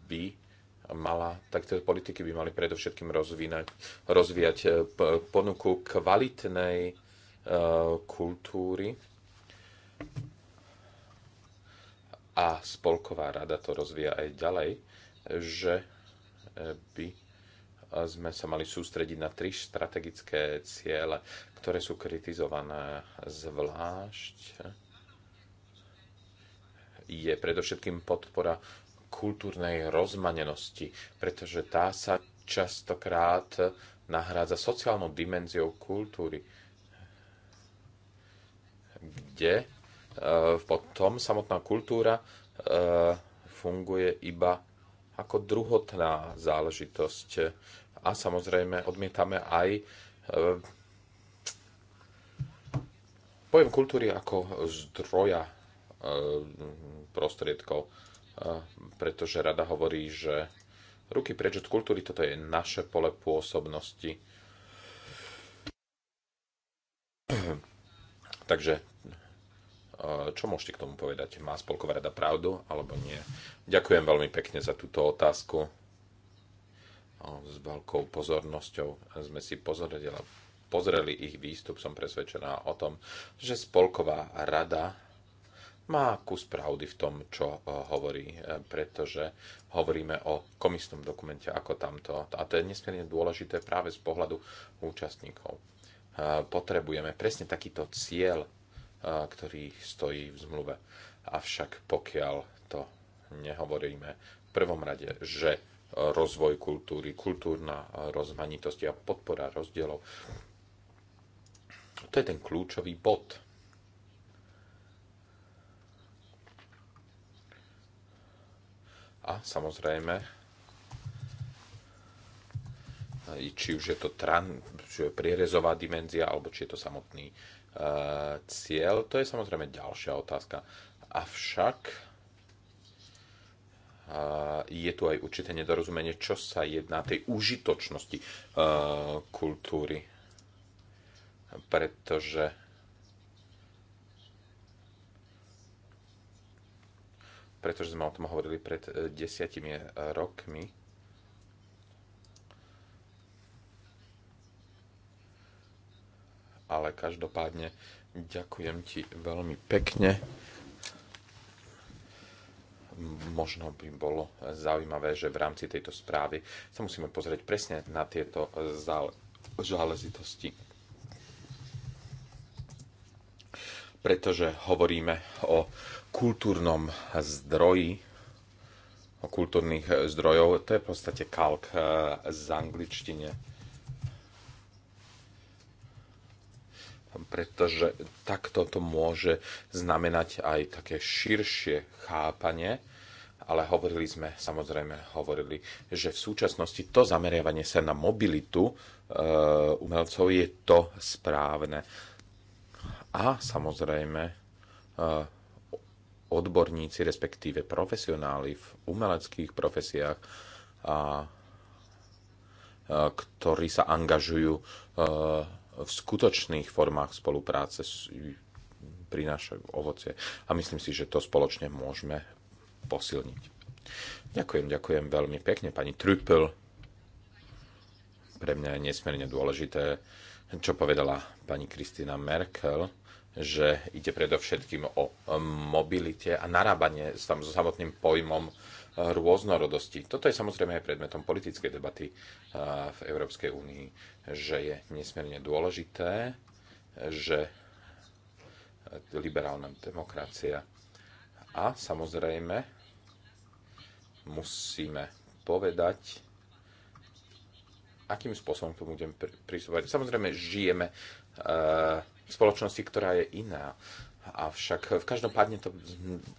by mala, tak tie politiky by mali predovšetkým rozvínať, rozvíjať e, ponuku kvalitnej e, kultúry a spolková rada to rozvíja aj ďalej, že e, by sme sa mali sústrediť na tri strategické ciele, ktoré sú kritizované zvlášť je predovšetkým podpora kultúrnej rozmanenosti, pretože tá sa častokrát nahrádza sociálnou dimenziou kultúry, kde e, potom samotná kultúra e, funguje iba ako druhotná záležitosť. A samozrejme odmietame aj e, pojem kultúry ako zdroja Eh, prostriedkov, eh, pretože rada hovorí, že ruky preč od kultúry, toto je naše pole pôsobnosti. Takže eh, čo môžete k tomu povedať? Má spolková rada pravdu alebo nie? Ďakujem veľmi pekne za túto otázku. S veľkou pozornosťou sme si pozreli, pozreli ich výstup. Som presvedčená o tom, že spolková rada má kus pravdy v tom, čo eh, hovorí, eh, pretože hovoríme o komisnom dokumente ako tamto. A to je nesmierne dôležité práve z pohľadu účastníkov. Eh, potrebujeme presne takýto cieľ, ktorý stojí v zmluve. Avšak pokiaľ to nehovoríme v prvom rade, že rozvoj kultúry, kultúrna rozmanitosť a podpora rozdielov, to je ten kľúčový bod A samozrejme, či už je to tran, či je prierezová dimenzia, alebo či je to samotný e, cieľ, to je samozrejme ďalšia otázka. Avšak e, je tu aj určité nedorozumenie, čo sa jedná tej užitočnosti e, kultúry. Pretože pretože sme o tom hovorili pred e, desiatimi e, rokmi. Ale každopádne ďakujem ti veľmi pekne. Možno by bolo zaujímavé, že v rámci tejto správy sa musíme pozrieť presne na tieto záležitosti pretože hovoríme o kultúrnom zdroji, o kultúrnych zdrojov. To je v podstate kalk eh, z angličtine. Pretože takto to môže znamenať aj také širšie chápanie, ale hovorili sme, samozrejme hovorili, že v súčasnosti to zameriavanie sa na mobilitu e, umelcov je to správne a samozrejme eh, odborníci, respektíve profesionáli v umeleckých profesiách, a, eh, ktorí sa angažujú eh, v skutočných formách spolupráce prinášajú ovocie. A myslím si, že to spoločne môžeme posilniť. Ďakujem, ďakujem veľmi pekne, pani Trüppel. Pre mňa je nesmierne dôležité, čo povedala pani Kristina Merkel že ide predovšetkým o mobilite a narábanie s tam so samotným pojmom rôznorodosti. Toto je samozrejme aj predmetom politickej debaty eh, v Európskej únii, že je nesmierne dôležité, že liberálna demokracia a samozrejme musíme povedať, akým spôsobom k tomu budeme pristupovať. Samozrejme, žijeme uh, spoločnosti, ktorá je iná. Avšak v každom pádne to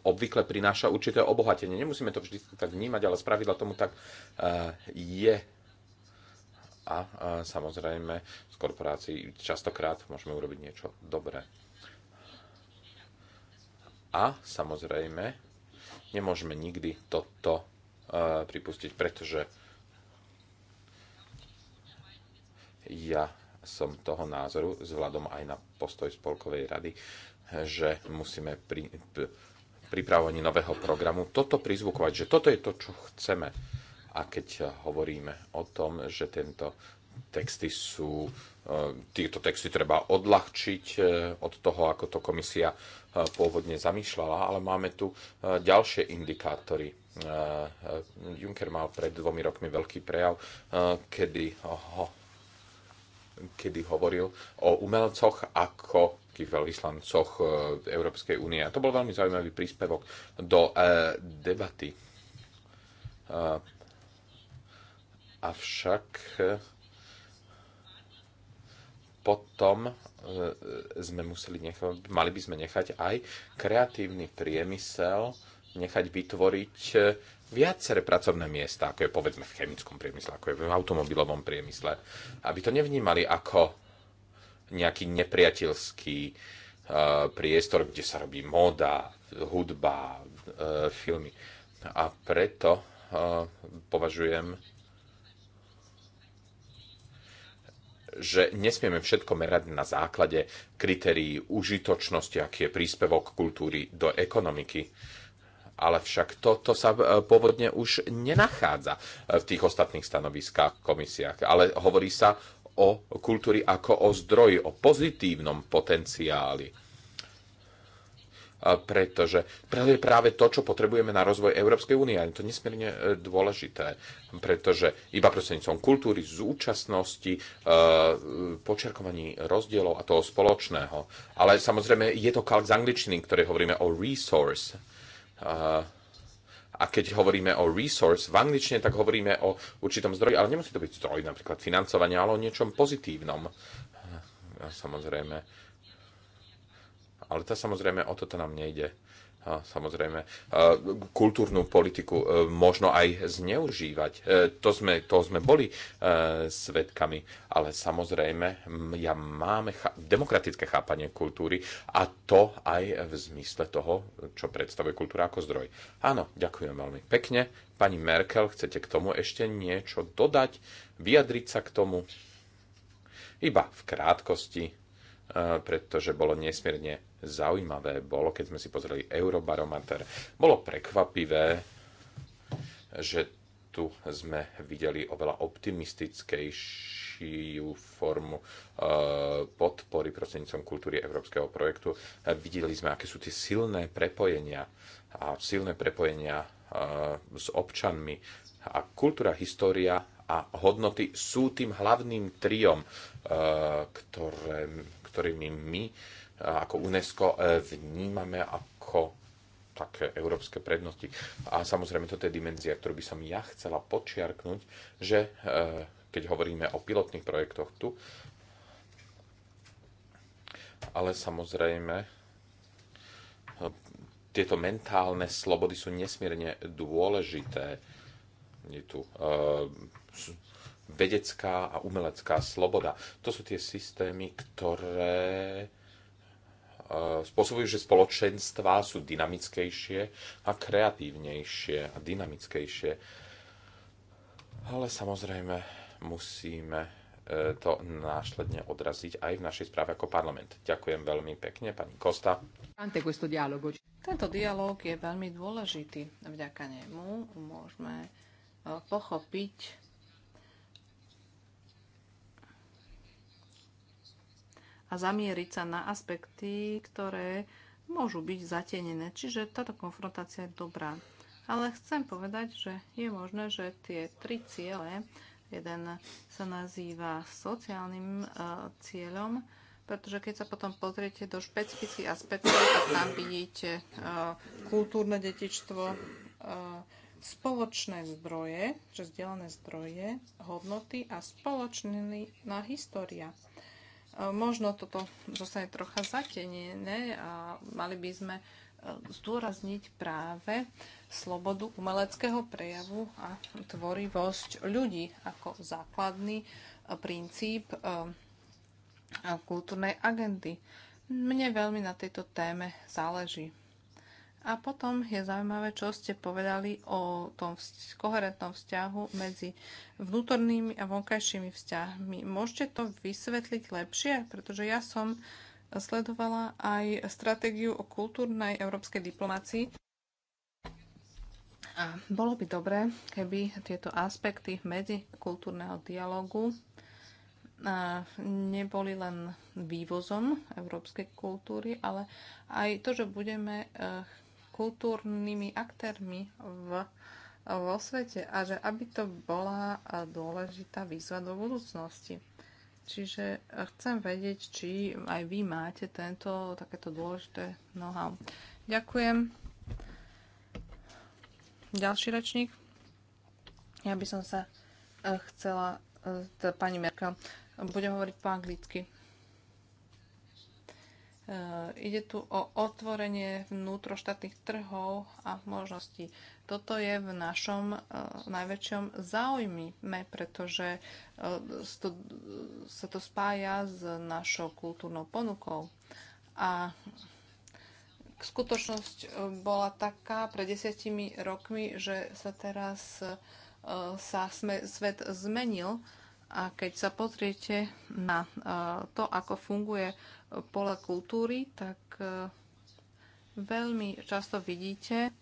obvykle prináša určité obohatenie. Nemusíme to vždy tak vnímať, ale spravidla tomu tak eh, je. A eh, samozrejme, z korporácií častokrát môžeme urobiť niečo dobré. A samozrejme, nemôžeme nikdy toto eh, pripustiť, pretože ja som toho názoru s vzhľadom aj na postoj Spolkovej rady, že musíme pri, pripravovaní nového programu toto prizvukovať, že toto je to, čo chceme. A keď hovoríme o tom, že tento texty sú, e, tieto texty treba odľahčiť e, od toho, ako to komisia e, pôvodne zamýšľala, ale máme tu ďalšie indikátory. Juncker mal pred dvomi rokmi veľký prejav, kedy ho kedy hovoril o umelcoch ako tých veľvyslancoch e, Európskej únie. A to bol veľmi zaujímavý príspevok do e, debaty. E, avšak potom e, sme museli nechať, mali by sme nechať aj kreatívny priemysel nechať vytvoriť e, viaceré pracovné miesta, ako je povedzme v chemickom priemysle, ako je v automobilovom priemysle, aby to nevnímali ako nejaký nepriateľský uh, priestor, kde sa robí moda, hudba, uh, filmy. A preto uh, považujem, že nesmieme všetko merať na základe kritérií užitočnosti, aký je príspevok kultúry do ekonomiky ale však toto to sa e, pôvodne už nenachádza e, v tých ostatných stanoviskách, komisiách, ale hovorí sa o kultúri ako o zdroji, o pozitívnom potenciáli. E, pretože je práve to, čo potrebujeme na rozvoj Európskej únie. A je to nesmierne dôležité, pretože iba prostredníctvom kultúry, zúčastnosti, počerkovaní rozdielov a toho spoločného. Ale samozrejme je to kalk z angličtiny, ktorý hovoríme o resource a keď hovoríme o resource v angličtine, tak hovoríme o určitom zdroji, ale nemusí to byť zdroj napríklad financovania, ale o niečom pozitívnom. Samozrejme. Ale to samozrejme o toto nám nejde samozrejme kultúrnu politiku e, možno aj zneužívať. E, to sme, to sme boli e, svetkami, ale samozrejme ja máme demokratické chápanie kultúry a to aj v zmysle toho, čo predstavuje kultúra ako zdroj. Áno, ďakujem veľmi pekne. Pani Merkel, chcete k tomu ešte niečo dodať? Vyjadriť sa k tomu? Iba v krátkosti, pretože bolo nesmierne zaujímavé bolo, keď sme si pozreli Eurobarometer, bolo prekvapivé, že tu sme videli oveľa optimistickejšiu formu eh, podpory prostrednícom kultúry európskeho projektu. Eh, videli sme, aké sú tie silné prepojenia a silné prepojenia eh, s občanmi. A kultúra, história a hodnoty sú tým hlavným triom, ktoré, ktorými my ako UNESCO e, vnímame ako také európske prednosti. A samozrejme toto je dimenzia, ktorú by som ja chcela počiarknúť, že e, keď hovoríme o pilotných projektoch tu, ale samozrejme e, tieto mentálne slobody sú nesmierne dôležité. Je tu vedecká a umelecká sloboda. To sú tie systémy, ktoré spôsobujú, že spoločenstvá sú dynamickejšie a kreatívnejšie a dynamickejšie. Ale samozrejme musíme e, to následne odraziť aj v našej správe ako parlament. Ďakujem veľmi pekne, pani Kosta. Tento dialog je veľmi dôležitý. Vďaka nemu môžeme e, pochopiť a zamieriť sa na aspekty, ktoré môžu byť zatenené. Čiže táto konfrontácia je dobrá. Ale chcem povedať, že je možné, že tie tri ciele, jeden sa nazýva sociálnym e, cieľom, pretože keď sa potom pozriete do špecifických aspektov, tak tam vidíte e, kultúrne detičstvo, e, spoločné zdroje, že zdieľané zdroje, hodnoty a spoločná história. Možno toto zostane trocha zatenené a mali by sme e, zdôrazniť práve slobodu umeleckého prejavu a tvorivosť ľudí ako základný e, princíp e, kultúrnej agendy. Mne veľmi na tejto téme záleží. A potom je zaujímavé, čo ste povedali o tom koherentnom vzťahu medzi vnútornými a vonkajšími vzťahmi. Môžete to vysvetliť lepšie? Pretože ja som sledovala aj stratégiu o kultúrnej európskej diplomácii. A bolo by dobré, keby tieto aspekty medzikultúrneho dialogu neboli len vývozom európskej kultúry, ale aj to, že budeme e, kultúrnymi aktérmi v, vo svete a že aby to bola dôležitá výzva do budúcnosti. Čiže chcem vedieť, či aj vy máte tento, takéto dôležité know-how. Ďakujem. Ďalší rečník. Ja by som sa eh, chcela, eh, pani Merkel, budem hovoriť po anglicky. Eh, ide tu o otvorenie vnútroštátnych trhov a možností. Toto je v našom uh, najväčšom záujme, pretože uh, sa to spája s našou kultúrnou ponukou. A skutočnosť bola taká pred desiatimi rokmi, že sa teraz uh, sa sme, svet zmenil a keď sa pozriete na e, to, ako funguje pole kultúry, tak e, veľmi často vidíte,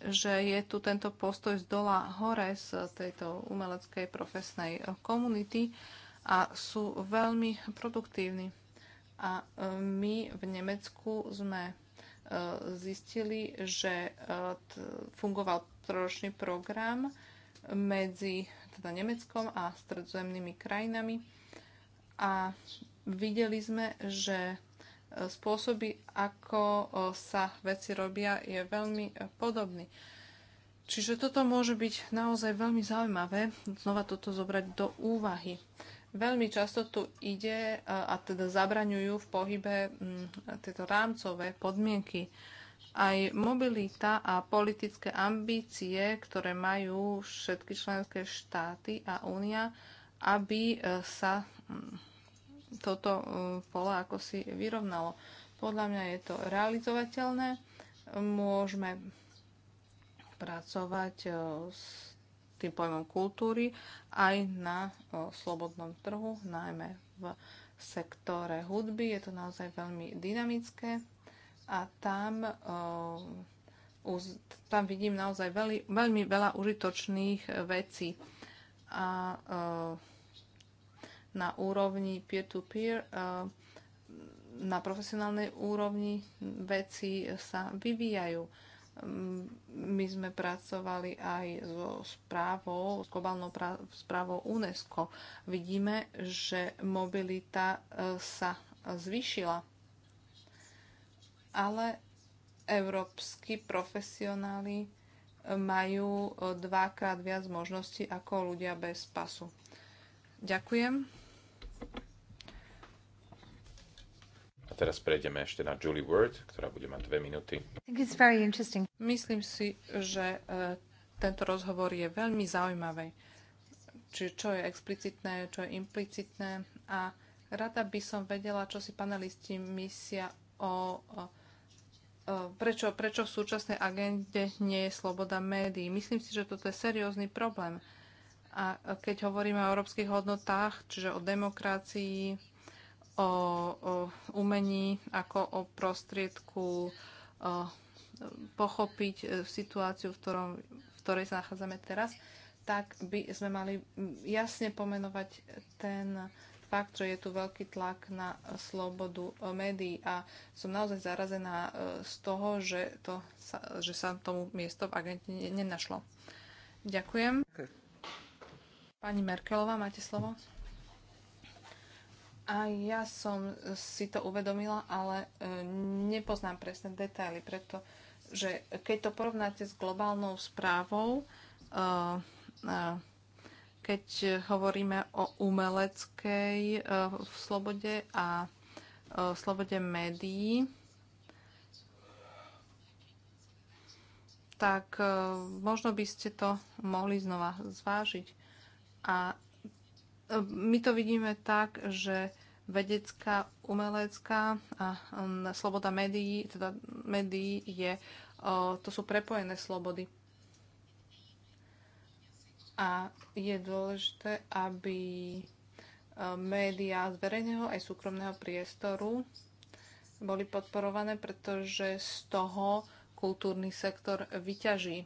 že je tu tento postoj z dola hore z tejto umeleckej profesnej komunity a sú veľmi produktívni. A e, my v Nemecku sme zistili, že fungoval trojročný program medzi teda Nemeckom a stredozemnými krajinami. A videli sme, že e, spôsoby, ako e, sa veci robia, je veľmi e, podobný. Čiže toto môže byť naozaj veľmi zaujímavé, znova toto zobrať do úvahy. Veľmi často tu ide a teda zabraňujú v pohybe tieto rámcové podmienky aj mobilita a politické ambície, ktoré majú všetky členské štáty a únia, aby e, sa mm, toto e, pole ako si vyrovnalo. Podľa mňa je to realizovateľné. Môžeme pracovať e, s tým pojmom kultúry aj na slobodnom trhu, najmä v sektore hudby. Je to naozaj veľmi dynamické a tam, tam vidím naozaj veľmi, veľmi veľa užitočných e, vecí. A na úrovni peer-to-peer, -peer, na profesionálnej úrovni veci sa vyvíjajú. Mm, my sme pracovali aj so správou, s globálnou správou UNESCO. Vidíme, že mobilita e, sa zvýšila ale európsky profesionáli e, majú e, dvakrát viac možností ako ľudia bez pasu. Ďakujem. A teraz prejdeme ešte na Julie Word, ktorá bude mať dve minúty. Myslím si, že e, tento rozhovor je veľmi zaujímavý. Či čo je explicitné, čo je implicitné. A rada by som vedela, čo si panelisti myslia o, o E, prečo, prečo v súčasnej agende nie je sloboda médií. Myslím si, že toto je seriózny problém. A keď hovoríme o európskych hodnotách, čiže o demokracii, o, o umení ako o prostriedku o, e, pochopiť e, situáciu, v, ktorom, v ktorej sa nachádzame teraz, tak by sme mali jasne pomenovať ten fakt, že je tu veľký tlak na slobodu e, médií a som naozaj zarazená e, z toho, že, to sa, že sa tomu miesto v agente nenašlo. Ďakujem. Pani Merkelová, máte slovo? A ja som si to uvedomila, ale e, nepoznám presné detaily, pretože keď to porovnáte s globálnou správou, uh, uh, keď hovoríme o umeleckej v e, slobode a v e, slobode médií, tak e, možno by ste to mohli znova zvážiť. A my to vidíme tak, že vedecká, umelecká a sloboda médií, teda médií je, to sú prepojené slobody a je dôležité, aby e, médiá z verejného aj súkromného priestoru boli podporované, pretože z toho kultúrny sektor vyťaží.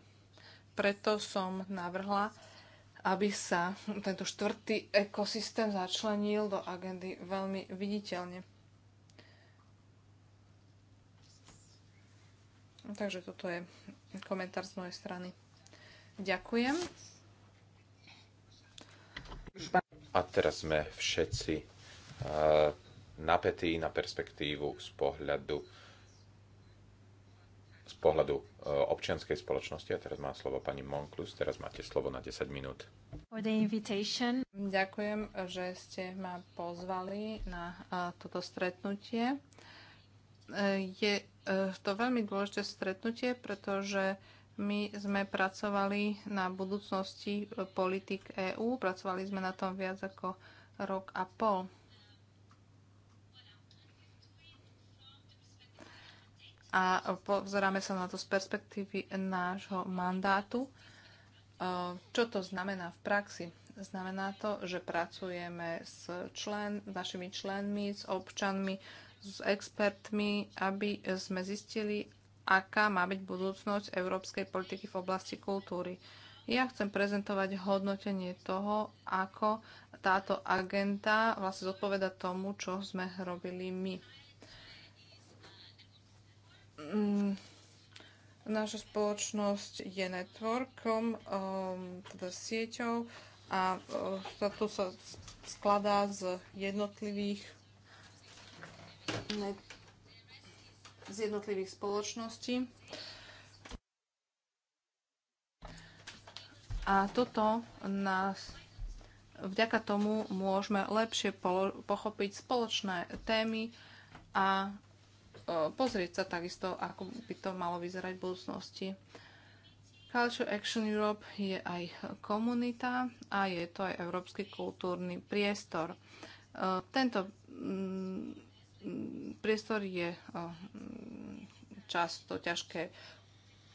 Preto som navrhla, aby sa tento štvrtý ekosystém začlenil do agendy veľmi viditeľne. Takže toto je komentár z mojej strany. Ďakujem. A teraz sme všetci eh, napätí na perspektívu z pohľadu z pohľadu eh, občianskej spoločnosti. A teraz má slovo pani Monklus, teraz máte slovo na 10 minút. Ďakujem, že ste ma pozvali na eh, toto stretnutie. Je to veľmi dôležité stretnutie, pretože my sme pracovali na budúcnosti politik EÚ, pracovali sme na tom viac ako rok a pol. A pozeráme sa na to z perspektívy nášho mandátu. E, čo to znamená v praxi? Znamená to, že pracujeme s člen, našimi členmi, s občanmi, s expertmi, aby sme zistili, aká má byť budúcnosť európskej politiky v oblasti kultúry. Ja chcem prezentovať hodnotenie toho, ako táto agenda vlastne zodpoveda tomu, čo sme robili my. Mm, naša spoločnosť je networkom, um, teda sieťou a uh, to sa skladá z jednotlivých net z jednotlivých spoločností. A toto nás vďaka tomu môžeme lepšie pochopiť spoločné témy a e, pozrieť sa takisto, ako by to malo vyzerať v budúcnosti. Culture Action Europe je aj komunita a je to aj európsky kultúrny priestor. E, tento priestor je e, často ťažké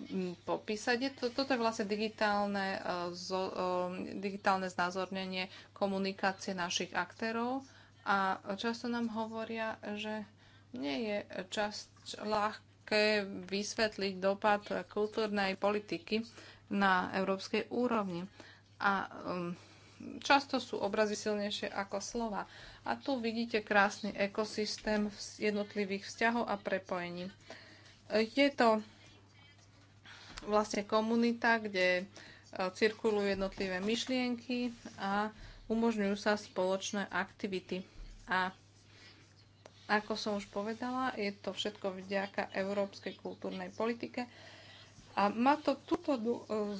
mm, popísať. Je to, toto je vlastne digitálne, eh, zo, eh, digitálne znázornenie komunikácie našich aktérov a často nám hovoria, že nie je čas ľahké vysvetliť dopad kultúrnej politiky na európskej úrovni. A um, často sú obrazy silnejšie ako slova. A tu vidíte krásny ekosystém jednotlivých vzťahov a prepojení. Je to vlastne komunita, kde e, cirkulujú jednotlivé myšlienky a umožňujú sa spoločné aktivity. A ako som už povedala, je to všetko vďaka európskej kultúrnej politike. A má to túto e,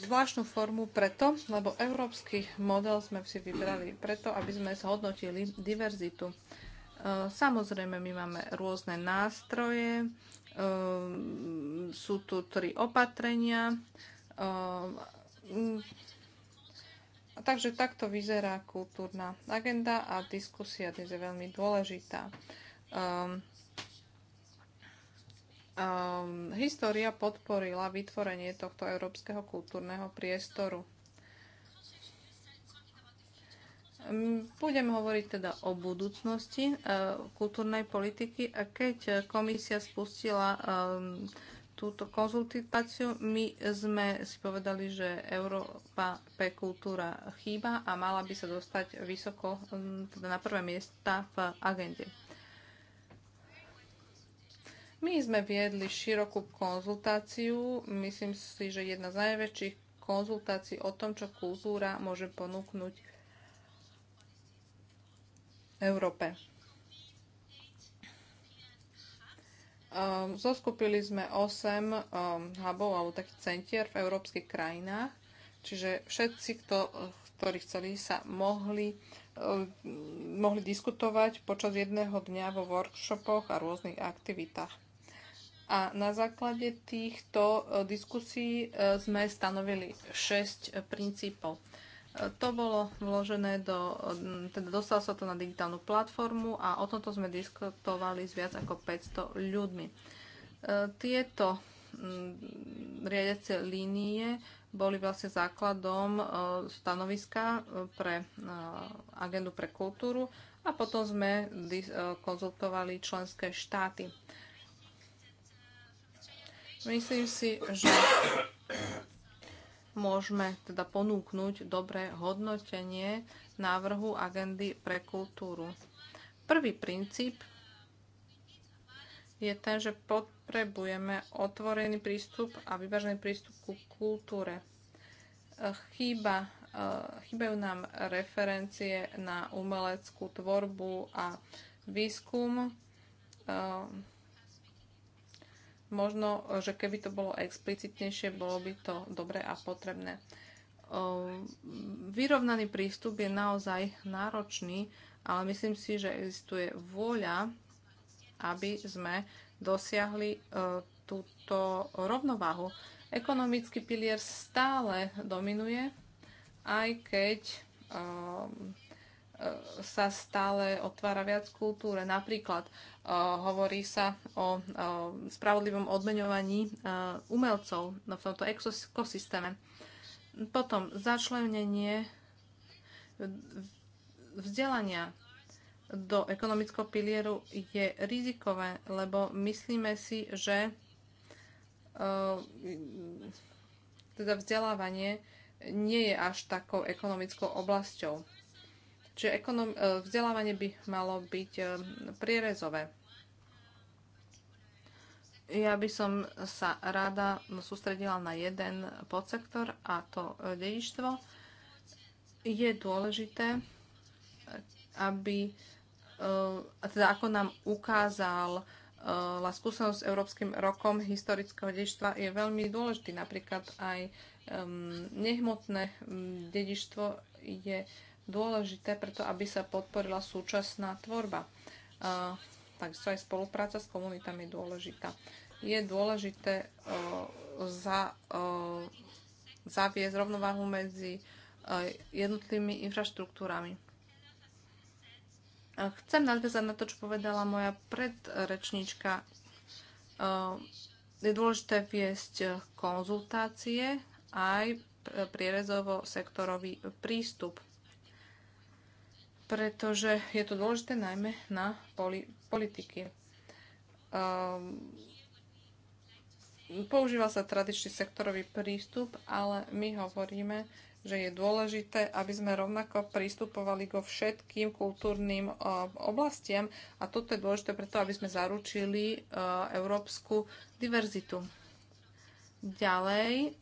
zvláštnu formu preto, lebo európsky model sme si vybrali preto, aby sme zhodnotili diverzitu. E, samozrejme, my máme rôzne nástroje, Ehm, sú tu tri opatrenia. Ehm, mm, takže takto vyzerá kultúrna agenda a diskusia dnes je veľmi dôležitá. Um, um, história podporila vytvorenie tohto európskeho kultúrneho priestoru. Budem hovoriť teda o budúcnosti eh, kultúrnej politiky a keď komisia spustila túto konzultáciu, my sme si povedali, že Európa P kultúra chýba a mala by sa dostať vysoko teda na prvé miesta v agende. My sme viedli širokú konzultáciu, myslím si, že jedna z najväčších konzultácií o tom, čo kultúra môže ponúknuť Európe. Um, zoskupili sme 8 um, hubov alebo takých centier v európskych krajinách, čiže všetci, kto, ktorí chceli, sa mohli, um, mohli diskutovať počas jedného dňa vo workshopoch a rôznych aktivitách. A na základe týchto uh, diskusí uh, sme stanovili 6 princípov. To bolo vložené do, teda dostalo sa to na digitálnu platformu a o tomto sme diskutovali s viac ako 500 ľuďmi. E, tieto mm, riadiace línie boli vlastne základom e, stanoviska e, pre agendu pre kultúru a potom sme konzultovali členské štáty. Myslím si, že môžeme teda ponúknuť dobré hodnotenie návrhu agendy pre kultúru. Prvý princíp je ten, že potrebujeme otvorený prístup a vyvážený prístup ku kultúre. Chýba, eh, chýbajú nám referencie na umeleckú tvorbu a výskum eh, Možno, že keby to bolo explicitnejšie, bolo by to dobré a potrebné. Vyrovnaný prístup je naozaj náročný, ale myslím si, že existuje vôľa, aby sme dosiahli e, túto rovnováhu. Ekonomický pilier stále dominuje, aj keď um, E, sa stále otvára viac kultúre. Napríklad uh, hovorí sa o uh, spravodlivom odmeňovaní uh, umelcov no, v tomto ekosystéme. Potom začlenenie vzdelania do ekonomického pilieru je rizikové, lebo myslíme si, že teda vzdelávanie nie je až takou ekonomickou oblasťou. Čiže ekonom, e, vzdelávanie by malo byť e, prierezové. Ja by som sa rada sústredila na jeden podsektor a to e, dedičstvo. Je dôležité, aby teda ako nám ukázal la skúsenosť s Európskym rokom historického dedičstva je veľmi dôležitý. Napríklad aj nehmotné dedičstvo je uh, dôležité preto, aby sa podporila súčasná tvorba. takisto aj spolupráca s komunitami je dôležitá. Je dôležité e, za, e, zaviesť rovnováhu medzi e, jednotlivými infraštruktúrami. Chcem nadviazať na to, čo povedala moja predrečníčka. Je dôležité viesť konzultácie aj prierezovo sektorový prístup pretože je to dôležité najmä na poli- politiky. Um, používa sa tradičný sektorový prístup, ale my hovoríme, že je dôležité, aby sme rovnako prístupovali ko všetkým kultúrnym eh, oblastiam a toto je dôležité preto, aby sme zaručili eh, európsku diverzitu. Ďalej,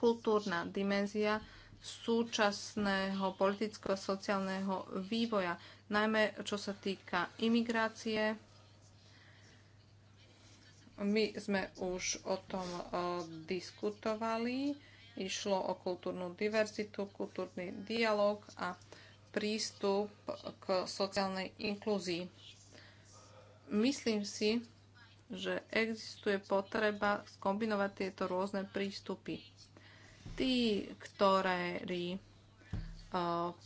kultúrna dimenzia súčasného politického a sociálneho vývoja, najmä čo sa týka imigrácie. My sme už o tom e, diskutovali. Išlo o kultúrnu diverzitu, kultúrny dialog a prístup k sociálnej inklúzii. Myslím si, že existuje potreba skombinovať tieto rôzne prístupy Tí, ktorí eh,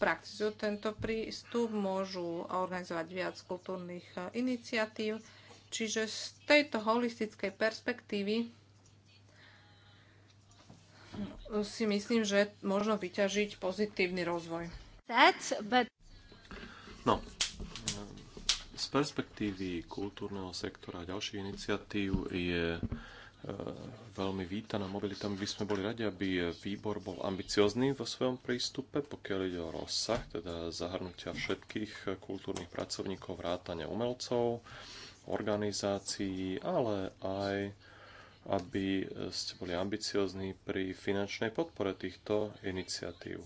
praktizujú tento prístup, môžu organizovať viac kultúrnych eh, iniciatív. Čiže z tejto holistickej perspektívy eh, si myslím, že možno vyťažiť pozitívny rozvoj. No, z perspektívy kultúrneho sektora a ďalších iniciatív je E, veľmi vítaná mobilita. My by sme boli radi, aby výbor bol ambiciozný vo svojom prístupe, pokiaľ ide o rozsah, teda zahrnutia všetkých kultúrnych pracovníkov, vrátania umelcov, organizácií, ale aj aby ste boli ambiciozní pri finančnej podpore týchto iniciatív.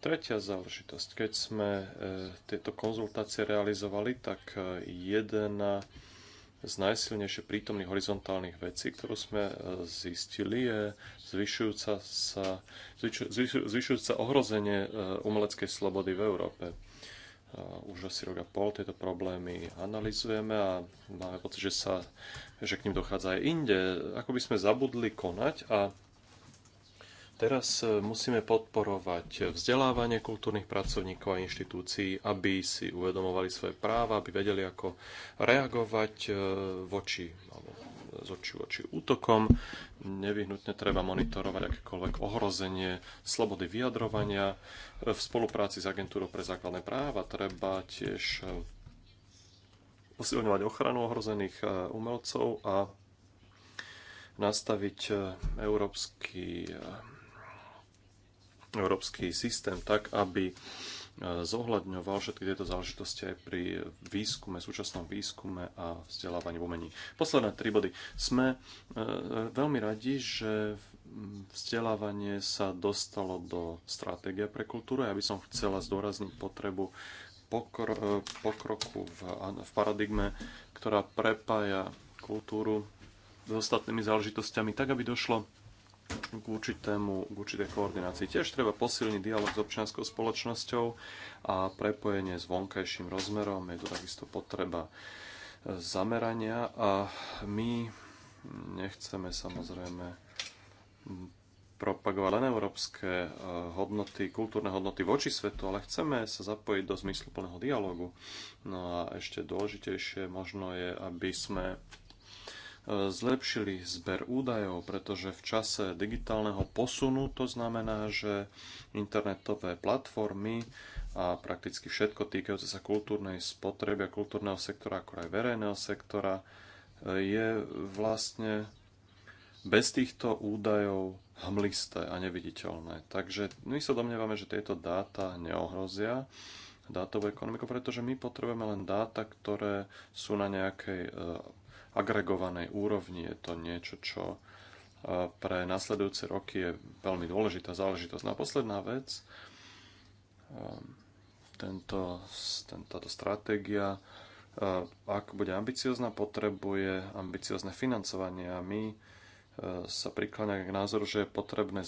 Tretia záležitosť. Keď sme e, tieto konzultácie realizovali, tak e, jedna z najsilnejšie prítomných horizontálnych vecí, ktorú sme e, zistili, je zvyšujúca sa, zvyšujúca ohrozenie e, umeleckej slobody v Európe. E, už asi rok a pol tieto problémy analizujeme a máme pocit, že, sa, že k ním dochádza aj inde. Ako by sme zabudli konať a Teraz e, musíme podporovať vzdelávanie kultúrnych pracovníkov a inštitúcií, aby si uvedomovali svoje práva, aby vedeli, ako reagovať e, voči alebo z očí voči útokom. Nevyhnutne treba monitorovať akékoľvek ohrozenie slobody vyjadrovania. V spolupráci s agentúrou pre základné práva treba tiež e, posilňovať ochranu ohrozených umelcov a nastaviť európsky európsky systém tak, aby e, zohľadňoval všetky tieto záležitosti aj pri výskume, súčasnom výskume a vzdelávaní v umení. Posledné tri body. Sme e, veľmi radi, že vzdelávanie sa dostalo do stratégia pre kultúru. Ja by som chcela zdôrazniť potrebu e, pokroku v, v paradigme, ktorá prepája kultúru s ostatnými záležitostiami, tak aby došlo k, určitému, k určitej koordinácii. Tiež treba posilniť dialog s občianskou spoločnosťou a prepojenie s vonkajším rozmerom. Je tu takisto potreba e, zamerania a my nechceme samozrejme propagovať len európske e, hodnoty, kultúrne hodnoty voči svetu, ale chceme sa zapojiť do zmysluplného dialogu. No a ešte dôležitejšie možno je, aby sme zlepšili zber údajov, pretože v čase digitálneho posunu to znamená, že internetové platformy a prakticky všetko týkajúce sa kultúrnej spotreby a kultúrneho sektora, ako aj verejného sektora, je vlastne bez týchto údajov hmlisté a neviditeľné. Takže my sa domnievame, že tieto dáta neohrozia dátovú ekonomiku, pretože my potrebujeme len dáta, ktoré sú na nejakej e, agregovanej úrovni. Je to niečo, čo e, pre nasledujúce roky je veľmi dôležitá záležitosť. Na no a posledná vec, e, tento, tento stratégia, e, ak bude ambiciozna, potrebuje ambiciozne financovanie a my sa prikláňa k názoru, že je potrebné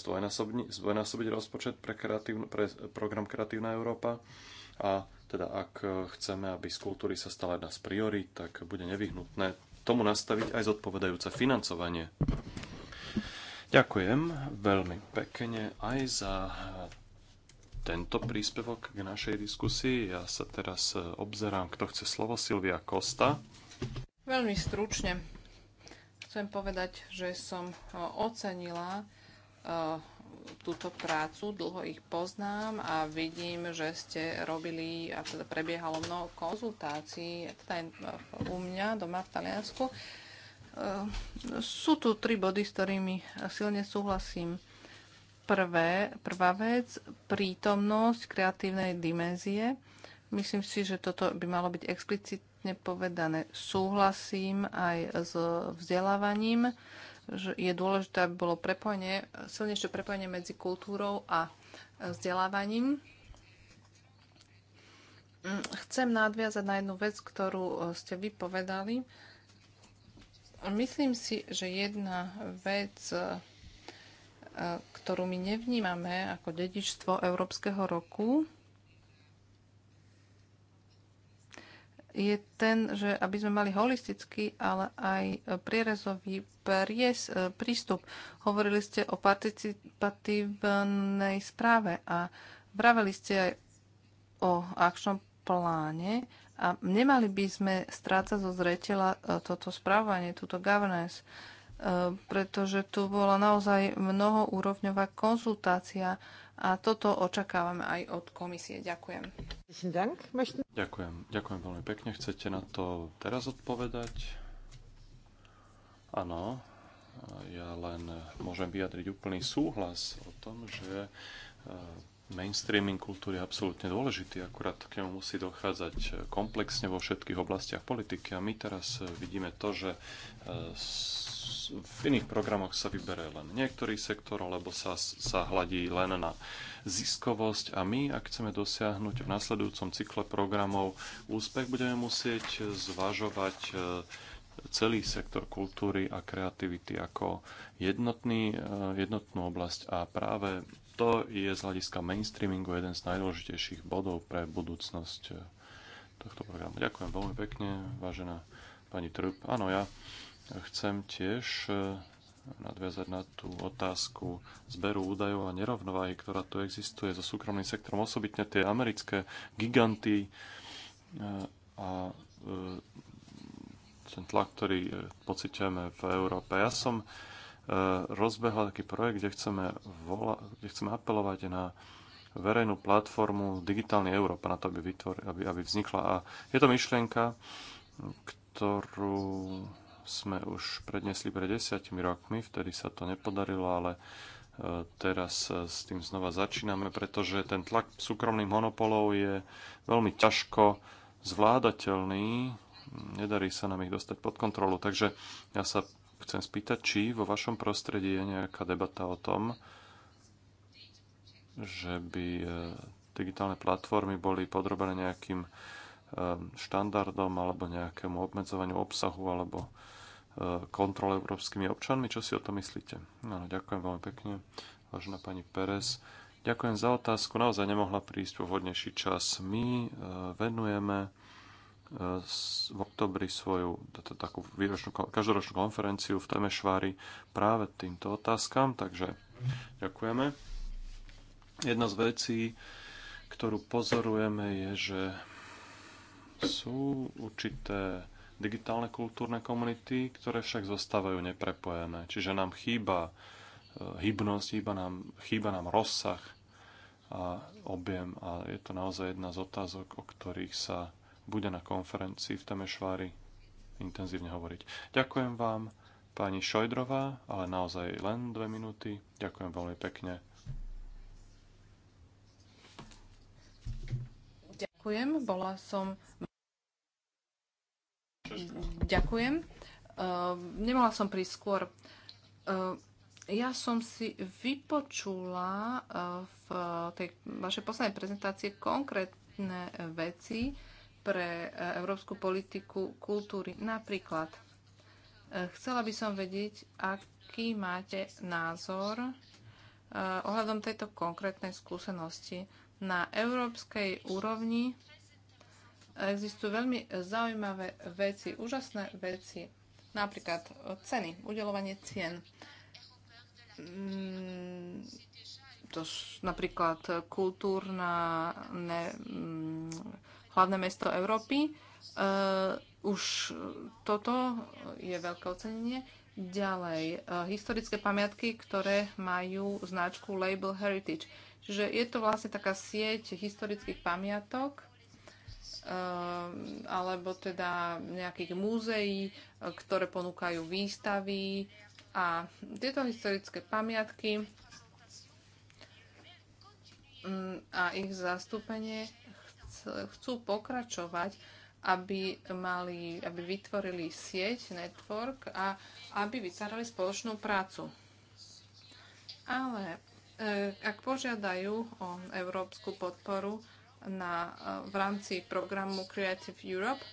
zdvojnásobiť rozpočet pre, kreatívnu, pre program Kreatívna Európa a teda ak chceme, aby z kultúry sa stala jedna z priorít, tak bude nevyhnutné tomu nastaviť aj zodpovedajúce financovanie. Ďakujem veľmi pekne aj za tento príspevok k našej diskusii. Ja sa teraz obzerám, kto chce slovo, Silvia Kosta. Veľmi stručne chcem povedať, že som ocenila eh, túto prácu, dlho ich poznám a vidím, že ste robili, a teda prebiehalo mnoho konzultácií, teda aj e, u mňa doma v Taliansku. E, sú tu tri body, s ktorými silne súhlasím. Prvé, prvá vec, prítomnosť kreatívnej dimenzie. Myslím si, že toto by malo byť explicitne povedané. Súhlasím aj s vzdelávaním že je dôležité, aby bolo prepojenie, silnejšie prepojenie medzi kultúrou a e, vzdelávaním. Mm, chcem nadviazať na jednu vec, ktorú e, ste vypovedali. Myslím si, že jedna vec, e, ktorú my nevnímame ako dedičstvo Európskeho roku, je ten, že aby sme mali holistický, ale aj prierezový pries, e, prístup. Hovorili ste o participatívnej správe a vraveli ste aj o akčnom pláne a nemali by sme strácať zo zreteľa e, toto správanie, túto governance, e, pretože tu bola naozaj mnohoúrovňová konzultácia a toto očakávame aj od komisie. Ďakujem. Ďakujem. Ďakujem veľmi pekne. Chcete na to teraz odpovedať? Áno. Ja len môžem vyjadriť úplný súhlas o tom, že e, mainstreaming kultúry je absolútne dôležitý, akurát k nemu musí dochádzať e, komplexne vo všetkých oblastiach politiky. A my teraz e, vidíme to, že v iných programoch sa vyberie len niektorý sektor, alebo sa, sa hladí len na ziskovosť a my, ak chceme dosiahnuť v nasledujúcom cykle programov úspech, budeme musieť zvažovať e, celý sektor kultúry a kreativity ako jednotný, e, jednotnú oblasť a práve to je z hľadiska mainstreamingu jeden z najdôležitejších bodov pre budúcnosť e, tohto programu. Ďakujem veľmi pekne, vážená pani Trup. Áno, ja Chcem tiež e, nadviazať na tú otázku zberu údajov a nerovnováhy, ktorá tu existuje so súkromným sektorom, osobitne tie americké giganty e, a e, ten tlak, ktorý pociťujeme v Európe. Ja som rozbehla taký projekt, kde chceme, vola, kde chceme apelovať na verejnú platformu Digitálny Európa, na to, aby, vytvor, aby, aby vznikla. A je to myšlienka, ktorú sme už prednesli pred desiatimi rokmi, vtedy sa to nepodarilo, ale e, teraz e, s tým znova začíname, pretože ten tlak súkromných monopolov je veľmi ťažko zvládateľný, nedarí sa nám ich dostať pod kontrolu. Takže ja sa chcem spýtať, či vo vašom prostredí je nejaká debata o tom, že by e, digitálne platformy boli podrobené nejakým štandardom alebo nejakému obmedzovaniu obsahu alebo kontrole európskymi občanmi. Čo si o to myslíte? No, ďakujem veľmi pekne, vážená pani Perez. Ďakujem za otázku. Naozaj nemohla prísť vhodnejší čas. My e, venujeme e, v oktobri svoju takú výročnú, každoročnú konferenciu v Temešvári práve týmto otázkam, takže ďakujeme. Jedna z vecí, ktorú pozorujeme, je, že sú určité digitálne kultúrne komunity, ktoré však zostávajú neprepojené. Čiže nám chýba e, hybnosť, chýba nám, chýba nám rozsah a objem a je to naozaj jedna z otázok, o ktorých sa bude na konferencii v Temešvári intenzívne hovoriť. Ďakujem vám, pani Šojdrová, ale naozaj len dve minúty. Ďakujem veľmi pekne. Ďakujem, bola som Ďakujem. Uh, som prísť skôr. Uh, ja som si vypočula ehm, v tej vašej poslednej prezentácie konkrétne veci pre európsku politiku kultúry. Napríklad, chcela by som vedieť, aký máte názor ohľadom tejto konkrétnej skúsenosti. Na európskej úrovni Existujú veľmi zaujímavé veci, úžasné veci, napríklad ceny, udelovanie cien. Mm, to napríklad kultúrna ne, mm, hlavné mesto Európy. Eh, už toto je veľké ocenenie. Ďalej, eh, historické pamiatky, ktoré majú značku Label Heritage. Čiže je to vlastne taká sieť historických pamiatok, Ehm, alebo teda nejakých múzeí, e, ktoré ponúkajú výstavy a tieto historické pamiatky mm, a ich zastúpenie chcú pokračovať, aby, mali, aby vytvorili sieť, network a aby vytvárali spoločnú prácu. Ale e, ak požiadajú o európsku podporu, na, e, v rámci programu Creative Europe,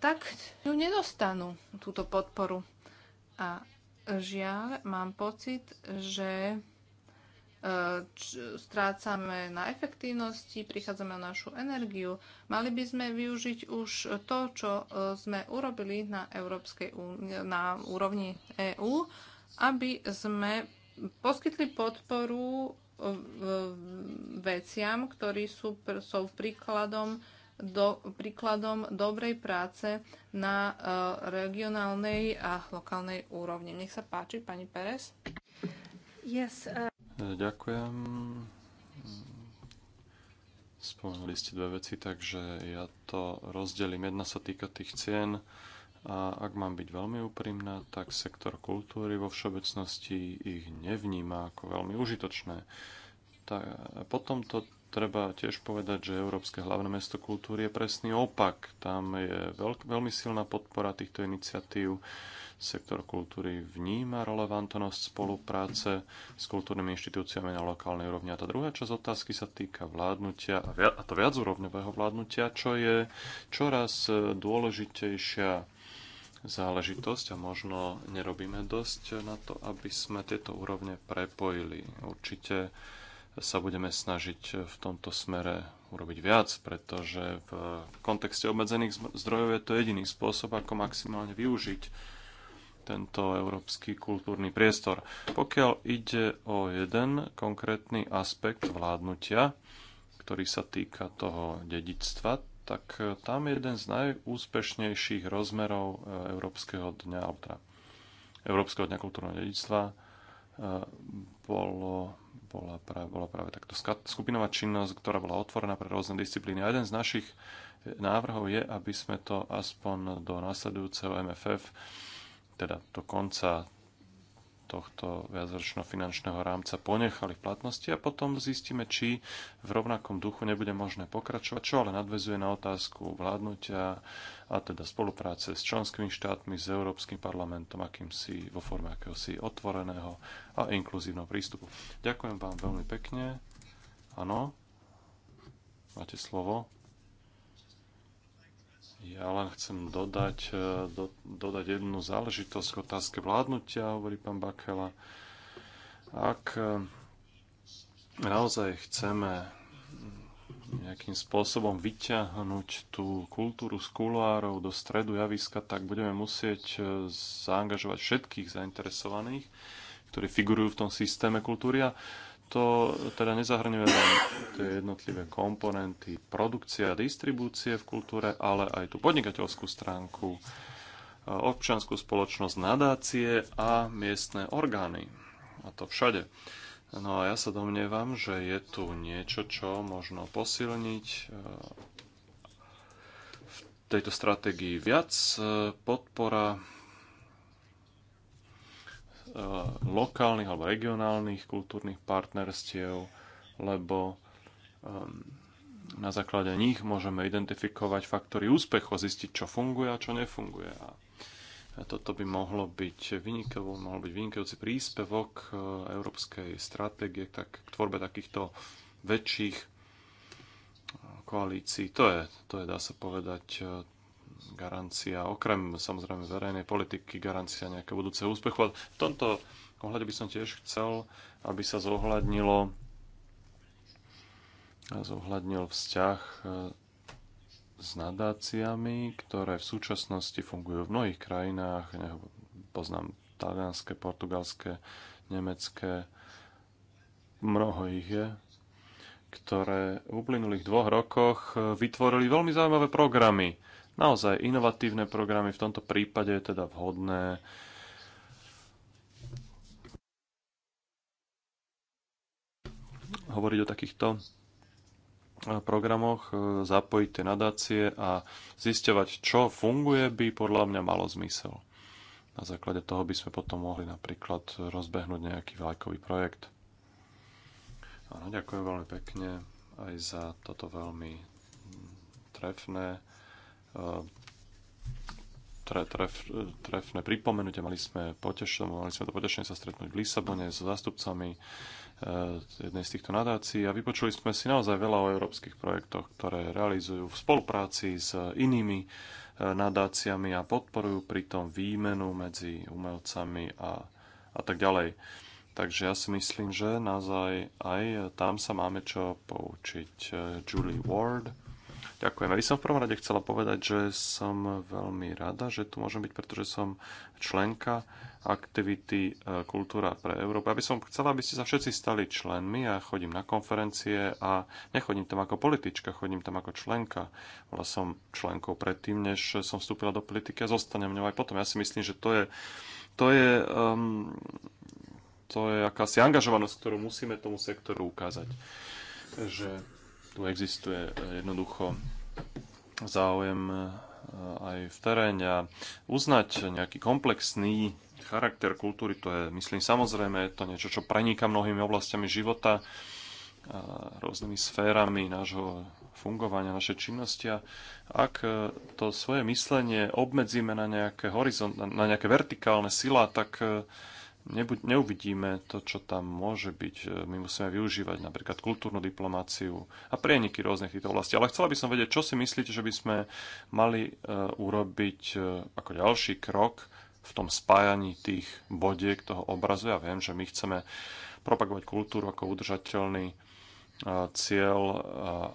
tak ju nedostanú túto podporu. A žiaľ, mám pocit, že e, strácame na efektívnosti, prichádzame na našu energiu. Mali by sme využiť už to, čo e, sme urobili na, Európskej, na úrovni EÚ, aby sme poskytli podporu veciam, ktorí sú, sú príkladom, do, príkladom dobrej práce na e, regionálnej a lokálnej úrovni. Nech sa páči, pani Perez. Yes, uh... Ďakujem. Spomenuli ste dve veci, takže ja to rozdelím. Jedna sa týka tých cien a ak mám byť veľmi úprimná, tak sektor kultúry vo všeobecnosti ich nevníma ako veľmi užitočné. Tak, potom to treba tiež povedať, že Európske hlavné mesto kultúry je presný opak. Tam je veľk, veľmi silná podpora týchto iniciatív. Sektor kultúry vníma relevantnosť spolupráce s kultúrnymi inštitúciami na lokálnej úrovni. A tá druhá časť otázky sa týka vládnutia, a to viacúrovňového vládnutia, čo je čoraz e, dôležitejšia záležitosť a možno nerobíme dosť na to, aby sme tieto úrovne prepojili. Určite sa budeme snažiť v tomto smere urobiť viac, pretože v kontexte obmedzených zdrojov je to jediný spôsob, ako maximálne využiť tento európsky kultúrny priestor. Pokiaľ ide o jeden konkrétny aspekt vládnutia, ktorý sa týka toho dedictva, tak e, tam jeden z najúspešnejších rozmerov e, Európskeho dňa, teda Európskeho dňa kultúrneho dedictva e, bolo, bola, práve, bola práve takto skupinová činnosť, ktorá bola otvorená pre rôzne disciplíny. A jeden z našich návrhov je, aby sme to aspoň do následujúceho MFF, teda do konca tohto viacročného finančného rámca ponechali v platnosti a potom zistíme, či v rovnakom duchu nebude možné pokračovať, čo ale nadvezuje na otázku vládnutia a teda spolupráce s členskými štátmi, s Európskym parlamentom, akým si vo forme akéhosi otvoreného a inkluzívneho prístupu. Ďakujem vám veľmi pekne. Áno, máte slovo. Ja len chcem dodať, e, do, dodať jednu záležitosť k otázke vládnutia, hovorí pán Bakela. Ak e, naozaj chceme nejakým spôsobom vyťahnuť tú kultúru z kulárov do stredu javiska, tak budeme musieť e, zaangažovať všetkých zainteresovaných, ktorí figurujú v tom systéme kultúry. A to teda nezahrňuje len tie jednotlivé komponenty produkcie a distribúcie v kultúre, ale aj tú podnikateľskú stránku, e, občianskú spoločnosť, nadácie a miestne orgány. A to všade. No a ja sa domnievam, že je tu niečo, čo možno posilniť e, v tejto stratégii viac. E, podpora Eh, lokálnych alebo regionálnych kultúrnych partnerstiev, lebo ehm, na základe nich môžeme identifikovať faktory úspechu a zistiť, čo funguje a čo nefunguje. A toto by mohlo byť, mohol byť vynikajúci príspevok eh, európskej stratégie tak, k tvorbe takýchto väčších eh, koalícií. To je, to je, dá sa povedať, garancia, okrem samozrejme verejnej politiky, garancia nejakého budúceho úspechu. A v tomto ohľade by som tiež chcel, aby sa zohľadnilo zohľadnil vzťah eh, s nadáciami, ktoré v súčasnosti fungujú v mnohých krajinách. Poznám talianské, portugalské, nemecké. Mnoho ich je ktoré v uplynulých dvoch rokoch eh, vytvorili veľmi zaujímavé programy naozaj inovatívne programy. V tomto prípade je teda vhodné hovoriť o takýchto e, programoch, e, zapojiť tie nadácie a zisťovať, čo funguje, by podľa mňa malo zmysel. Na základe toho by sme potom mohli napríklad rozbehnúť nejaký vlajkový projekt. Áno, ďakujem veľmi pekne aj za toto veľmi trefné Eh, tref, trefné pripomenutie. Mali sme, potešenie, mali sme to potešenie sa stretnúť v Lisabone s zástupcami eh, jednej z týchto nadácií a vypočuli sme si naozaj veľa o európskych projektoch, ktoré realizujú v spolupráci s inými eh, nadáciami a podporujú pritom výmenu medzi umelcami a, a tak ďalej. Takže ja si myslím, že naozaj aj tam sa máme čo poučiť. Julie Ward Ďakujem. Aby by som v prvom rade chcela povedať, že som veľmi rada, že tu môžem byť, pretože som členka aktivity e, Kultúra pre Európu. Aby som chcela, aby ste sa všetci stali členmi. Ja chodím na konferencie a nechodím tam ako politička, chodím tam ako členka. Bola som členkou predtým, než som vstúpila do politiky a zostanem ňou aj potom. Ja si myslím, že to je, to je um, to je akási angažovanosť, ktorú musíme tomu sektoru ukázať. Že tu existuje e, jednoducho záujem e, aj v teréne a uznať nejaký komplexný charakter kultúry, to je, myslím, samozrejme, je to niečo, čo preniká mnohými oblastiami života, e, rôznymi sférami nášho fungovania, našej činnosti a ak to svoje myslenie obmedzíme na nejaké, horizont, na nejaké vertikálne sila, tak neuvidíme to, čo tam môže byť. E, my musíme využívať napríklad kultúrnu diplomáciu a prieniky rôznych týchto oblastí. Ale chcela by som vedieť, čo si myslíte, že by sme mali e, urobiť e, ako ďalší krok v tom spájaní tých bodiek, toho obrazu. Ja viem, že my chceme propagovať kultúru ako udržateľný cieľ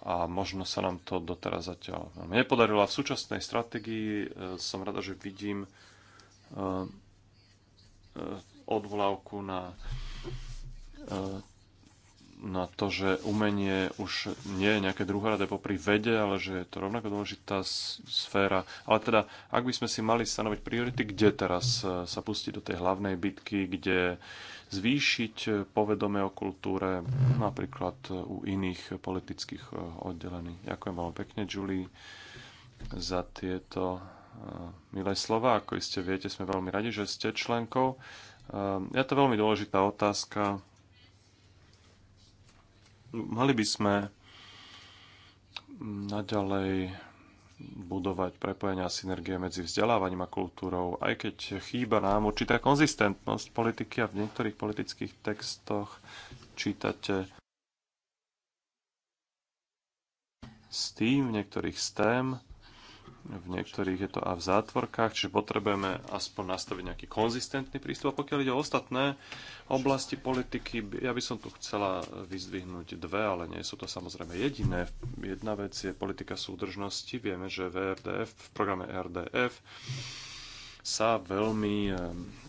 a možno sa nám to doteraz zatiaľ nepodarilo. v súčasnej strategii som rada, že vidím odvolávku na, e, na to, že umenie už nie je nejaké druhoradé popri vede, ale že je to rovnako dôležitá sféra. Ale teda, ak by sme si mali stanoviť priority, kde teraz e, sa pustiť do tej hlavnej bitky, kde zvýšiť povedomie o kultúre napríklad u iných politických e, oddelení. Ďakujem veľmi pekne, Julie, za tieto milé slova. Ako iste viete, sme veľmi radi, že ste členkou Ehm, je to veľmi dôležitá otázka. Mali by sme naďalej budovať prepojenia a synergie medzi vzdelávaním a kultúrou, aj keď chýba nám určitá konzistentnosť politiky a v niektorých politických textoch čítate s tým, v niektorých s tém v niektorých je to a v zátvorkách, čiže potrebujeme aspoň nastaviť nejaký konzistentný prístup. A pokiaľ ide o ostatné oblasti politiky, ja by som tu chcela vyzdvihnúť dve, ale nie sú to samozrejme jediné. Jedna vec je politika súdržnosti. Vieme, že v e RDF, v programe e RDF sa veľmi eh,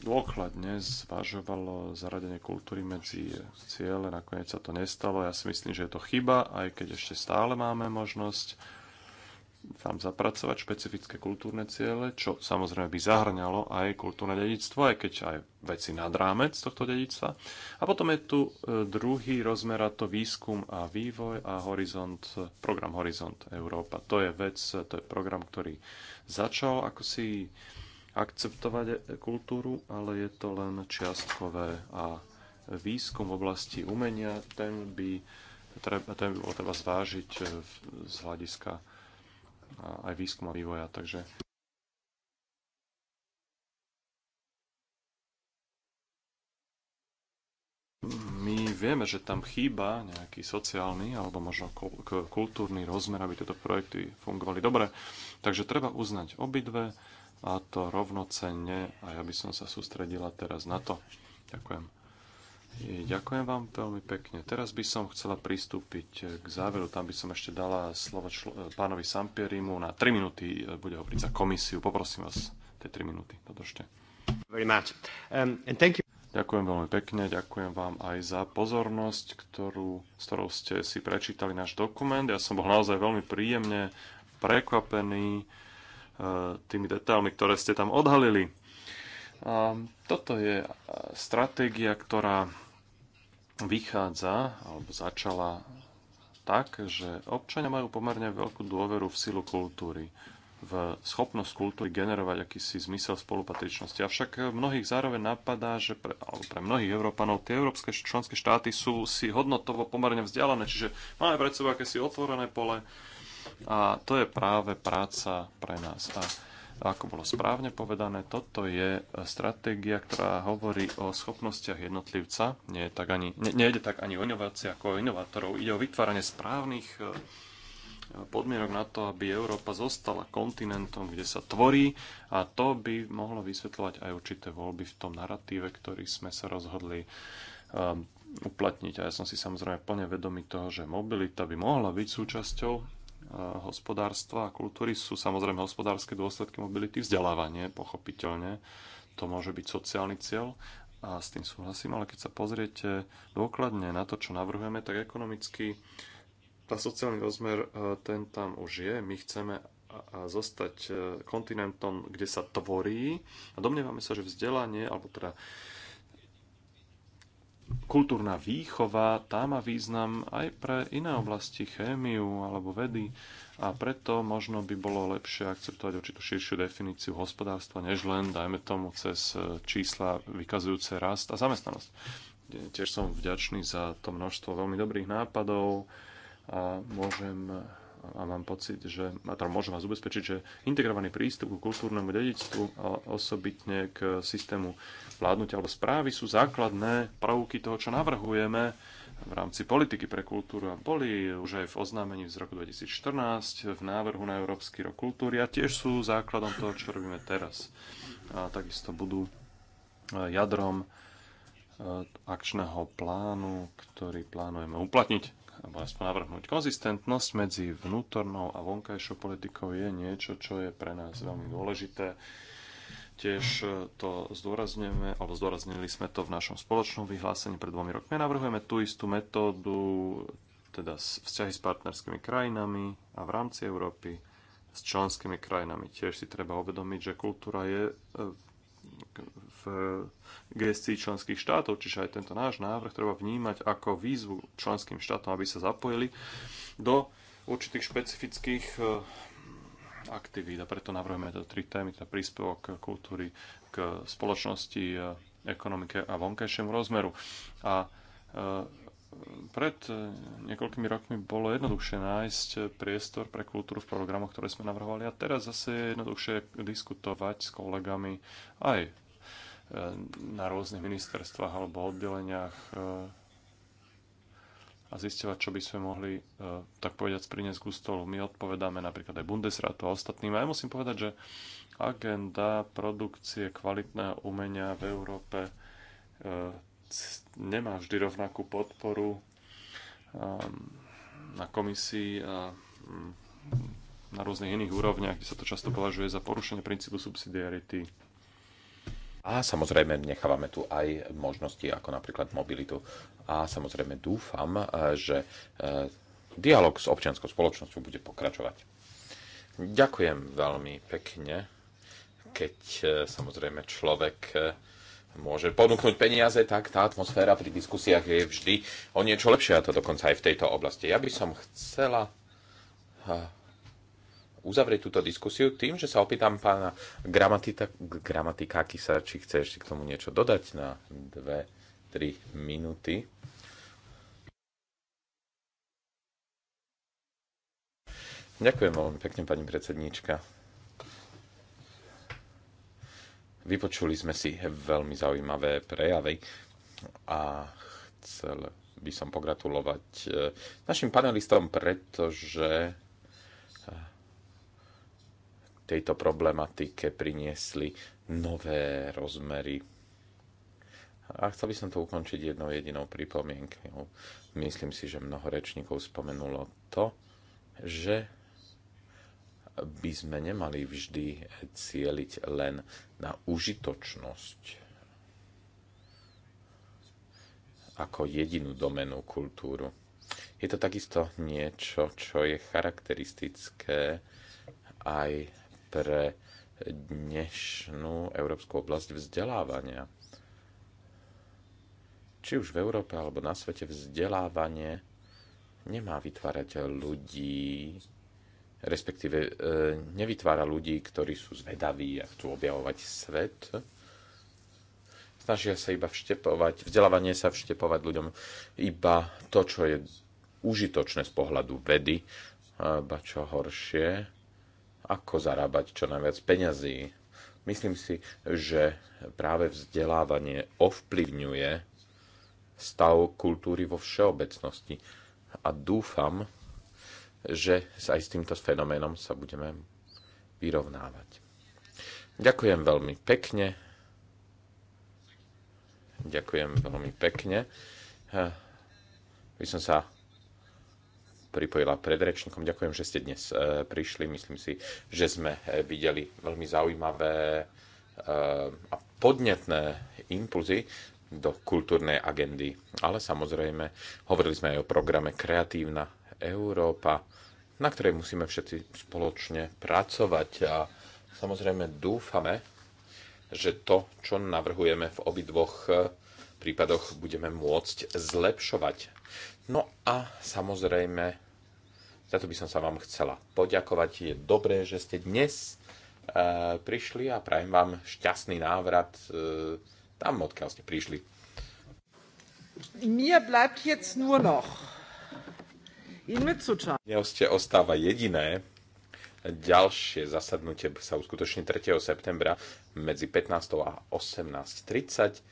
dôkladne zvažovalo zaradenie kultúry medzi ciele, nakoniec sa to nestalo. Ja si myslím, že je to chyba, aj keď ešte stále máme možnosť tam zapracovať špecifické kultúrne ciele, čo samozrejme by zahrňalo aj kultúrne dedictvo, aj keď aj veci nad rámec tohto dedictva. A potom je tu e, druhý rozmer, a to výskum a vývoj a horizont, program Horizont Európa. To je vec, to je program, ktorý začal ako si akceptovať kultúru, ale je to len čiastkové a výskum v oblasti umenia, ten by, ten by bolo treba zvážiť e, z hľadiska aj výskum a vývoja. Takže my vieme, že tam chýba nejaký sociálny alebo možno kultúrny rozmer, aby tieto projekty fungovali dobre. Takže treba uznať obidve a to rovnocenne a ja by som sa sústredila teraz na to. Ďakujem. Ďakujem vám veľmi pekne. Teraz by som chcela pristúpiť k záveru. Tam by som ešte dala slovo člo- pánovi Sampierimu. Na 3 minúty bude hovoriť za komisiu. Poprosím vás, tie 3 minúty dodržte. Um, ďakujem veľmi pekne, ďakujem vám aj za pozornosť, ktorú, s ktorou ste si prečítali náš dokument. Ja som bol naozaj veľmi príjemne prekvapený uh, tými detailmi, ktoré ste tam odhalili. Um, toto je uh, stratégia, ktorá vychádza alebo začala tak, že občania majú pomerne veľkú dôveru v silu kultúry, v schopnosť kultúry generovať akýsi zmysel spolupatričnosti. Avšak mnohých zároveň napadá, že pre, alebo pre mnohých Európanov tie európske členské štáty sú si hodnotovo pomerne vzdialené, čiže máme pred sebou akési otvorené pole a to je práve práca pre nás. A ako bolo správne povedané, toto je e, stratégia, ktorá hovorí o schopnostiach jednotlivca. Nie, je tak ani, nie, nejde tak ani o inovácie ako o inovátorov. Ide o vytváranie správnych e, podmienok na to, aby Európa zostala kontinentom, kde sa tvorí a to by mohlo vysvetľovať aj určité voľby v tom narratíve, ktorý sme sa rozhodli um, uplatniť. A ja som si samozrejme plne vedomý toho, že mobilita by mohla byť súčasťou hospodárstva a kultúry sú samozrejme hospodárske dôsledky mobility, vzdelávanie, pochopiteľne. To môže byť sociálny cieľ a s tým súhlasím, ale keď sa pozriete dôkladne na to, čo navrhujeme, tak ekonomicky tá sociálny rozmer, e, ten tam už je. My chceme zostať e, kontinentom, kde sa tvorí a domnievame sa, že vzdelanie, alebo teda kultúrna výchova, tá má význam aj pre iné oblasti, chémiu alebo vedy a preto možno by bolo lepšie akceptovať určitú širšiu definíciu hospodárstva, než len, dajme tomu, cez e, čísla vykazujúce rast a zamestnanosť. Tiež som vďačný za to množstvo veľmi dobrých nápadov a môžem a mám pocit, že, a teda môžem vás ubezpečiť, že integrovaný prístup k kultúrnemu dedičstvu a osobitne k systému vládnutia alebo správy sú základné prvky toho, čo navrhujeme v rámci politiky pre kultúru a boli už aj v oznámení z roku 2014 v návrhu na Európsky rok kultúry a tiež sú základom toho, čo robíme teraz. A takisto budú e, jadrom e, akčného plánu, ktorý plánujeme uplatniť alebo aspoň navrhnúť. Konzistentnosť medzi vnútornou a vonkajšou politikou je niečo, čo je pre nás veľmi dôležité. Tiež e, to zdôrazňujeme, alebo zdôraznili sme to v našom spoločnom vyhlásení pred dvomi rokmi. Navrhujeme tú istú metódu, teda vzťahy s partnerskými krajinami a v rámci Európy s členskými krajinami. Tiež si treba uvedomiť, že kultúra je e, v gestii členských štátov, čiže aj tento náš návrh treba vnímať ako výzvu členským štátom, aby sa zapojili do určitých špecifických e, aktivít a preto navrhujeme tieto tri témy, teda príspevok kultúry k spoločnosti, e, ekonomike a vonkajšiemu rozmeru. A e, pred eh, niekoľkými rokmi bolo jednoduchšie nájsť eh, priestor pre kultúru v programoch, ktoré sme navrhovali a teraz zase je jednoduchšie diskutovať s kolegami aj eh, na rôznych ministerstvách alebo oddeleniach a zistovať, čo by sme mohli, tak povedať, priniesť k stolu. My odpovedáme napríklad aj Bundesratu a ostatným. A ja musím povedať, že agenda produkcie kvalitného umenia v Európe nemá vždy rovnakú podporu ehm, na komisii a mm, na rôznych iných úrovniach, kde sa to často považuje za porušenie princípu subsidiarity. A samozrejme nechávame tu aj možnosti ako napríklad mobilitu. A samozrejme dúfam, e, že e, dialog s občianskou spoločnosťou bude pokračovať. Ďakujem veľmi pekne, keď e, samozrejme človek môže ponúknuť peniaze, tak tá atmosféra pri diskusiách je vždy o niečo lepšia, a to dokonca aj v tejto oblasti. Ja by som chcela uzavrieť túto diskusiu tým, že sa opýtam pána gramatika, gramatika Kisa, či chce ešte k tomu niečo dodať na 2-3 minúty. Ďakujem veľmi pekne, pani predsedníčka. Vypočuli sme si veľmi zaujímavé prejavy a chcel by som pogratulovať e, našim panelistom, pretože e, tejto problematike priniesli nové rozmery. A chcel by som to ukončiť jednou jedinou pripomienkou. Myslím si, že mnoho rečníkov spomenulo to, že by sme nemali vždy cieliť len na užitočnosť ako jedinú domenú kultúru. Je to takisto niečo, čo je charakteristické aj pre dnešnú európsku oblasť vzdelávania. Či už v Európe alebo na svete vzdelávanie nemá vytvárať ľudí respektíve e, nevytvára ľudí, ktorí sú zvedaví a chcú objavovať svet. Snažia sa iba vštepovať, vzdelávanie sa vštepovať ľuďom iba to, čo je užitočné z pohľadu vedy, ba čo horšie, ako zarábať čo najviac peňazí. Myslím si, že práve vzdelávanie ovplyvňuje stav kultúry vo všeobecnosti. A dúfam, že aj s týmto fenoménom sa budeme vyrovnávať. Ďakujem veľmi pekne. Ďakujem veľmi pekne. By som sa pripojila pred rečníkom. Ďakujem, že ste dnes e, prišli. Myslím si, že sme e, videli veľmi zaujímavé e, a podnetné impulzy do kultúrnej agendy. Ale samozrejme, hovorili sme aj o programe Kreatívna Európa na ktorej musíme všetci spoločne pracovať a samozrejme dúfame, že to, čo navrhujeme v obidvoch eh, prípadoch, budeme môcť zlepšovať. No a samozrejme, za to by som sa vám chcela poďakovať. Je dobré, že ste dnes eh, prišli a prajem vám šťastný návrat eh, tam, odkiaľ ste prišli. Mir bleibt jetzt nur noch. Neoste ostáva jediné. Ďalšie zasadnutie sa uskutoční 3. septembra medzi 15. a 18.30.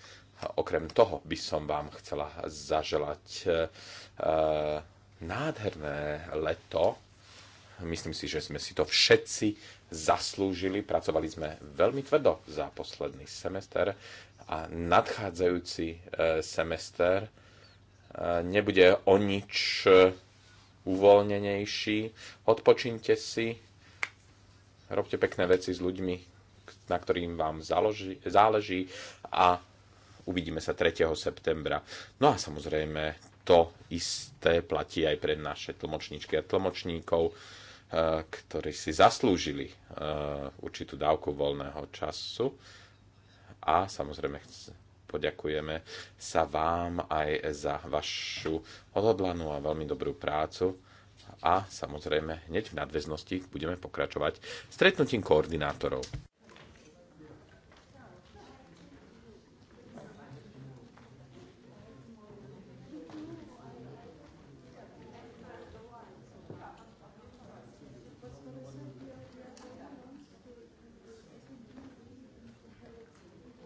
Okrem toho by som vám chcela zaželať e, nádherné leto. Myslím si, že sme si to všetci zaslúžili. Pracovali sme veľmi tvrdo za posledný semester a nadchádzajúci eh, semester eh, nebude o nič uvoľnenejší, Odpočíňte si, robte pekné veci s ľuďmi, na ktorým vám záloži, záleží a uvidíme sa 3. septembra. No a samozrejme to isté platí aj pre naše tlmočníčky a tlmočníkov, eh, ktorí si zaslúžili eh, určitú dávku voľného času a samozrejme poďakujeme sa vám aj za vašu odhodlanú a veľmi dobrú prácu a samozrejme hneď v nadväznosti budeme pokračovať stretnutím koordinátorov.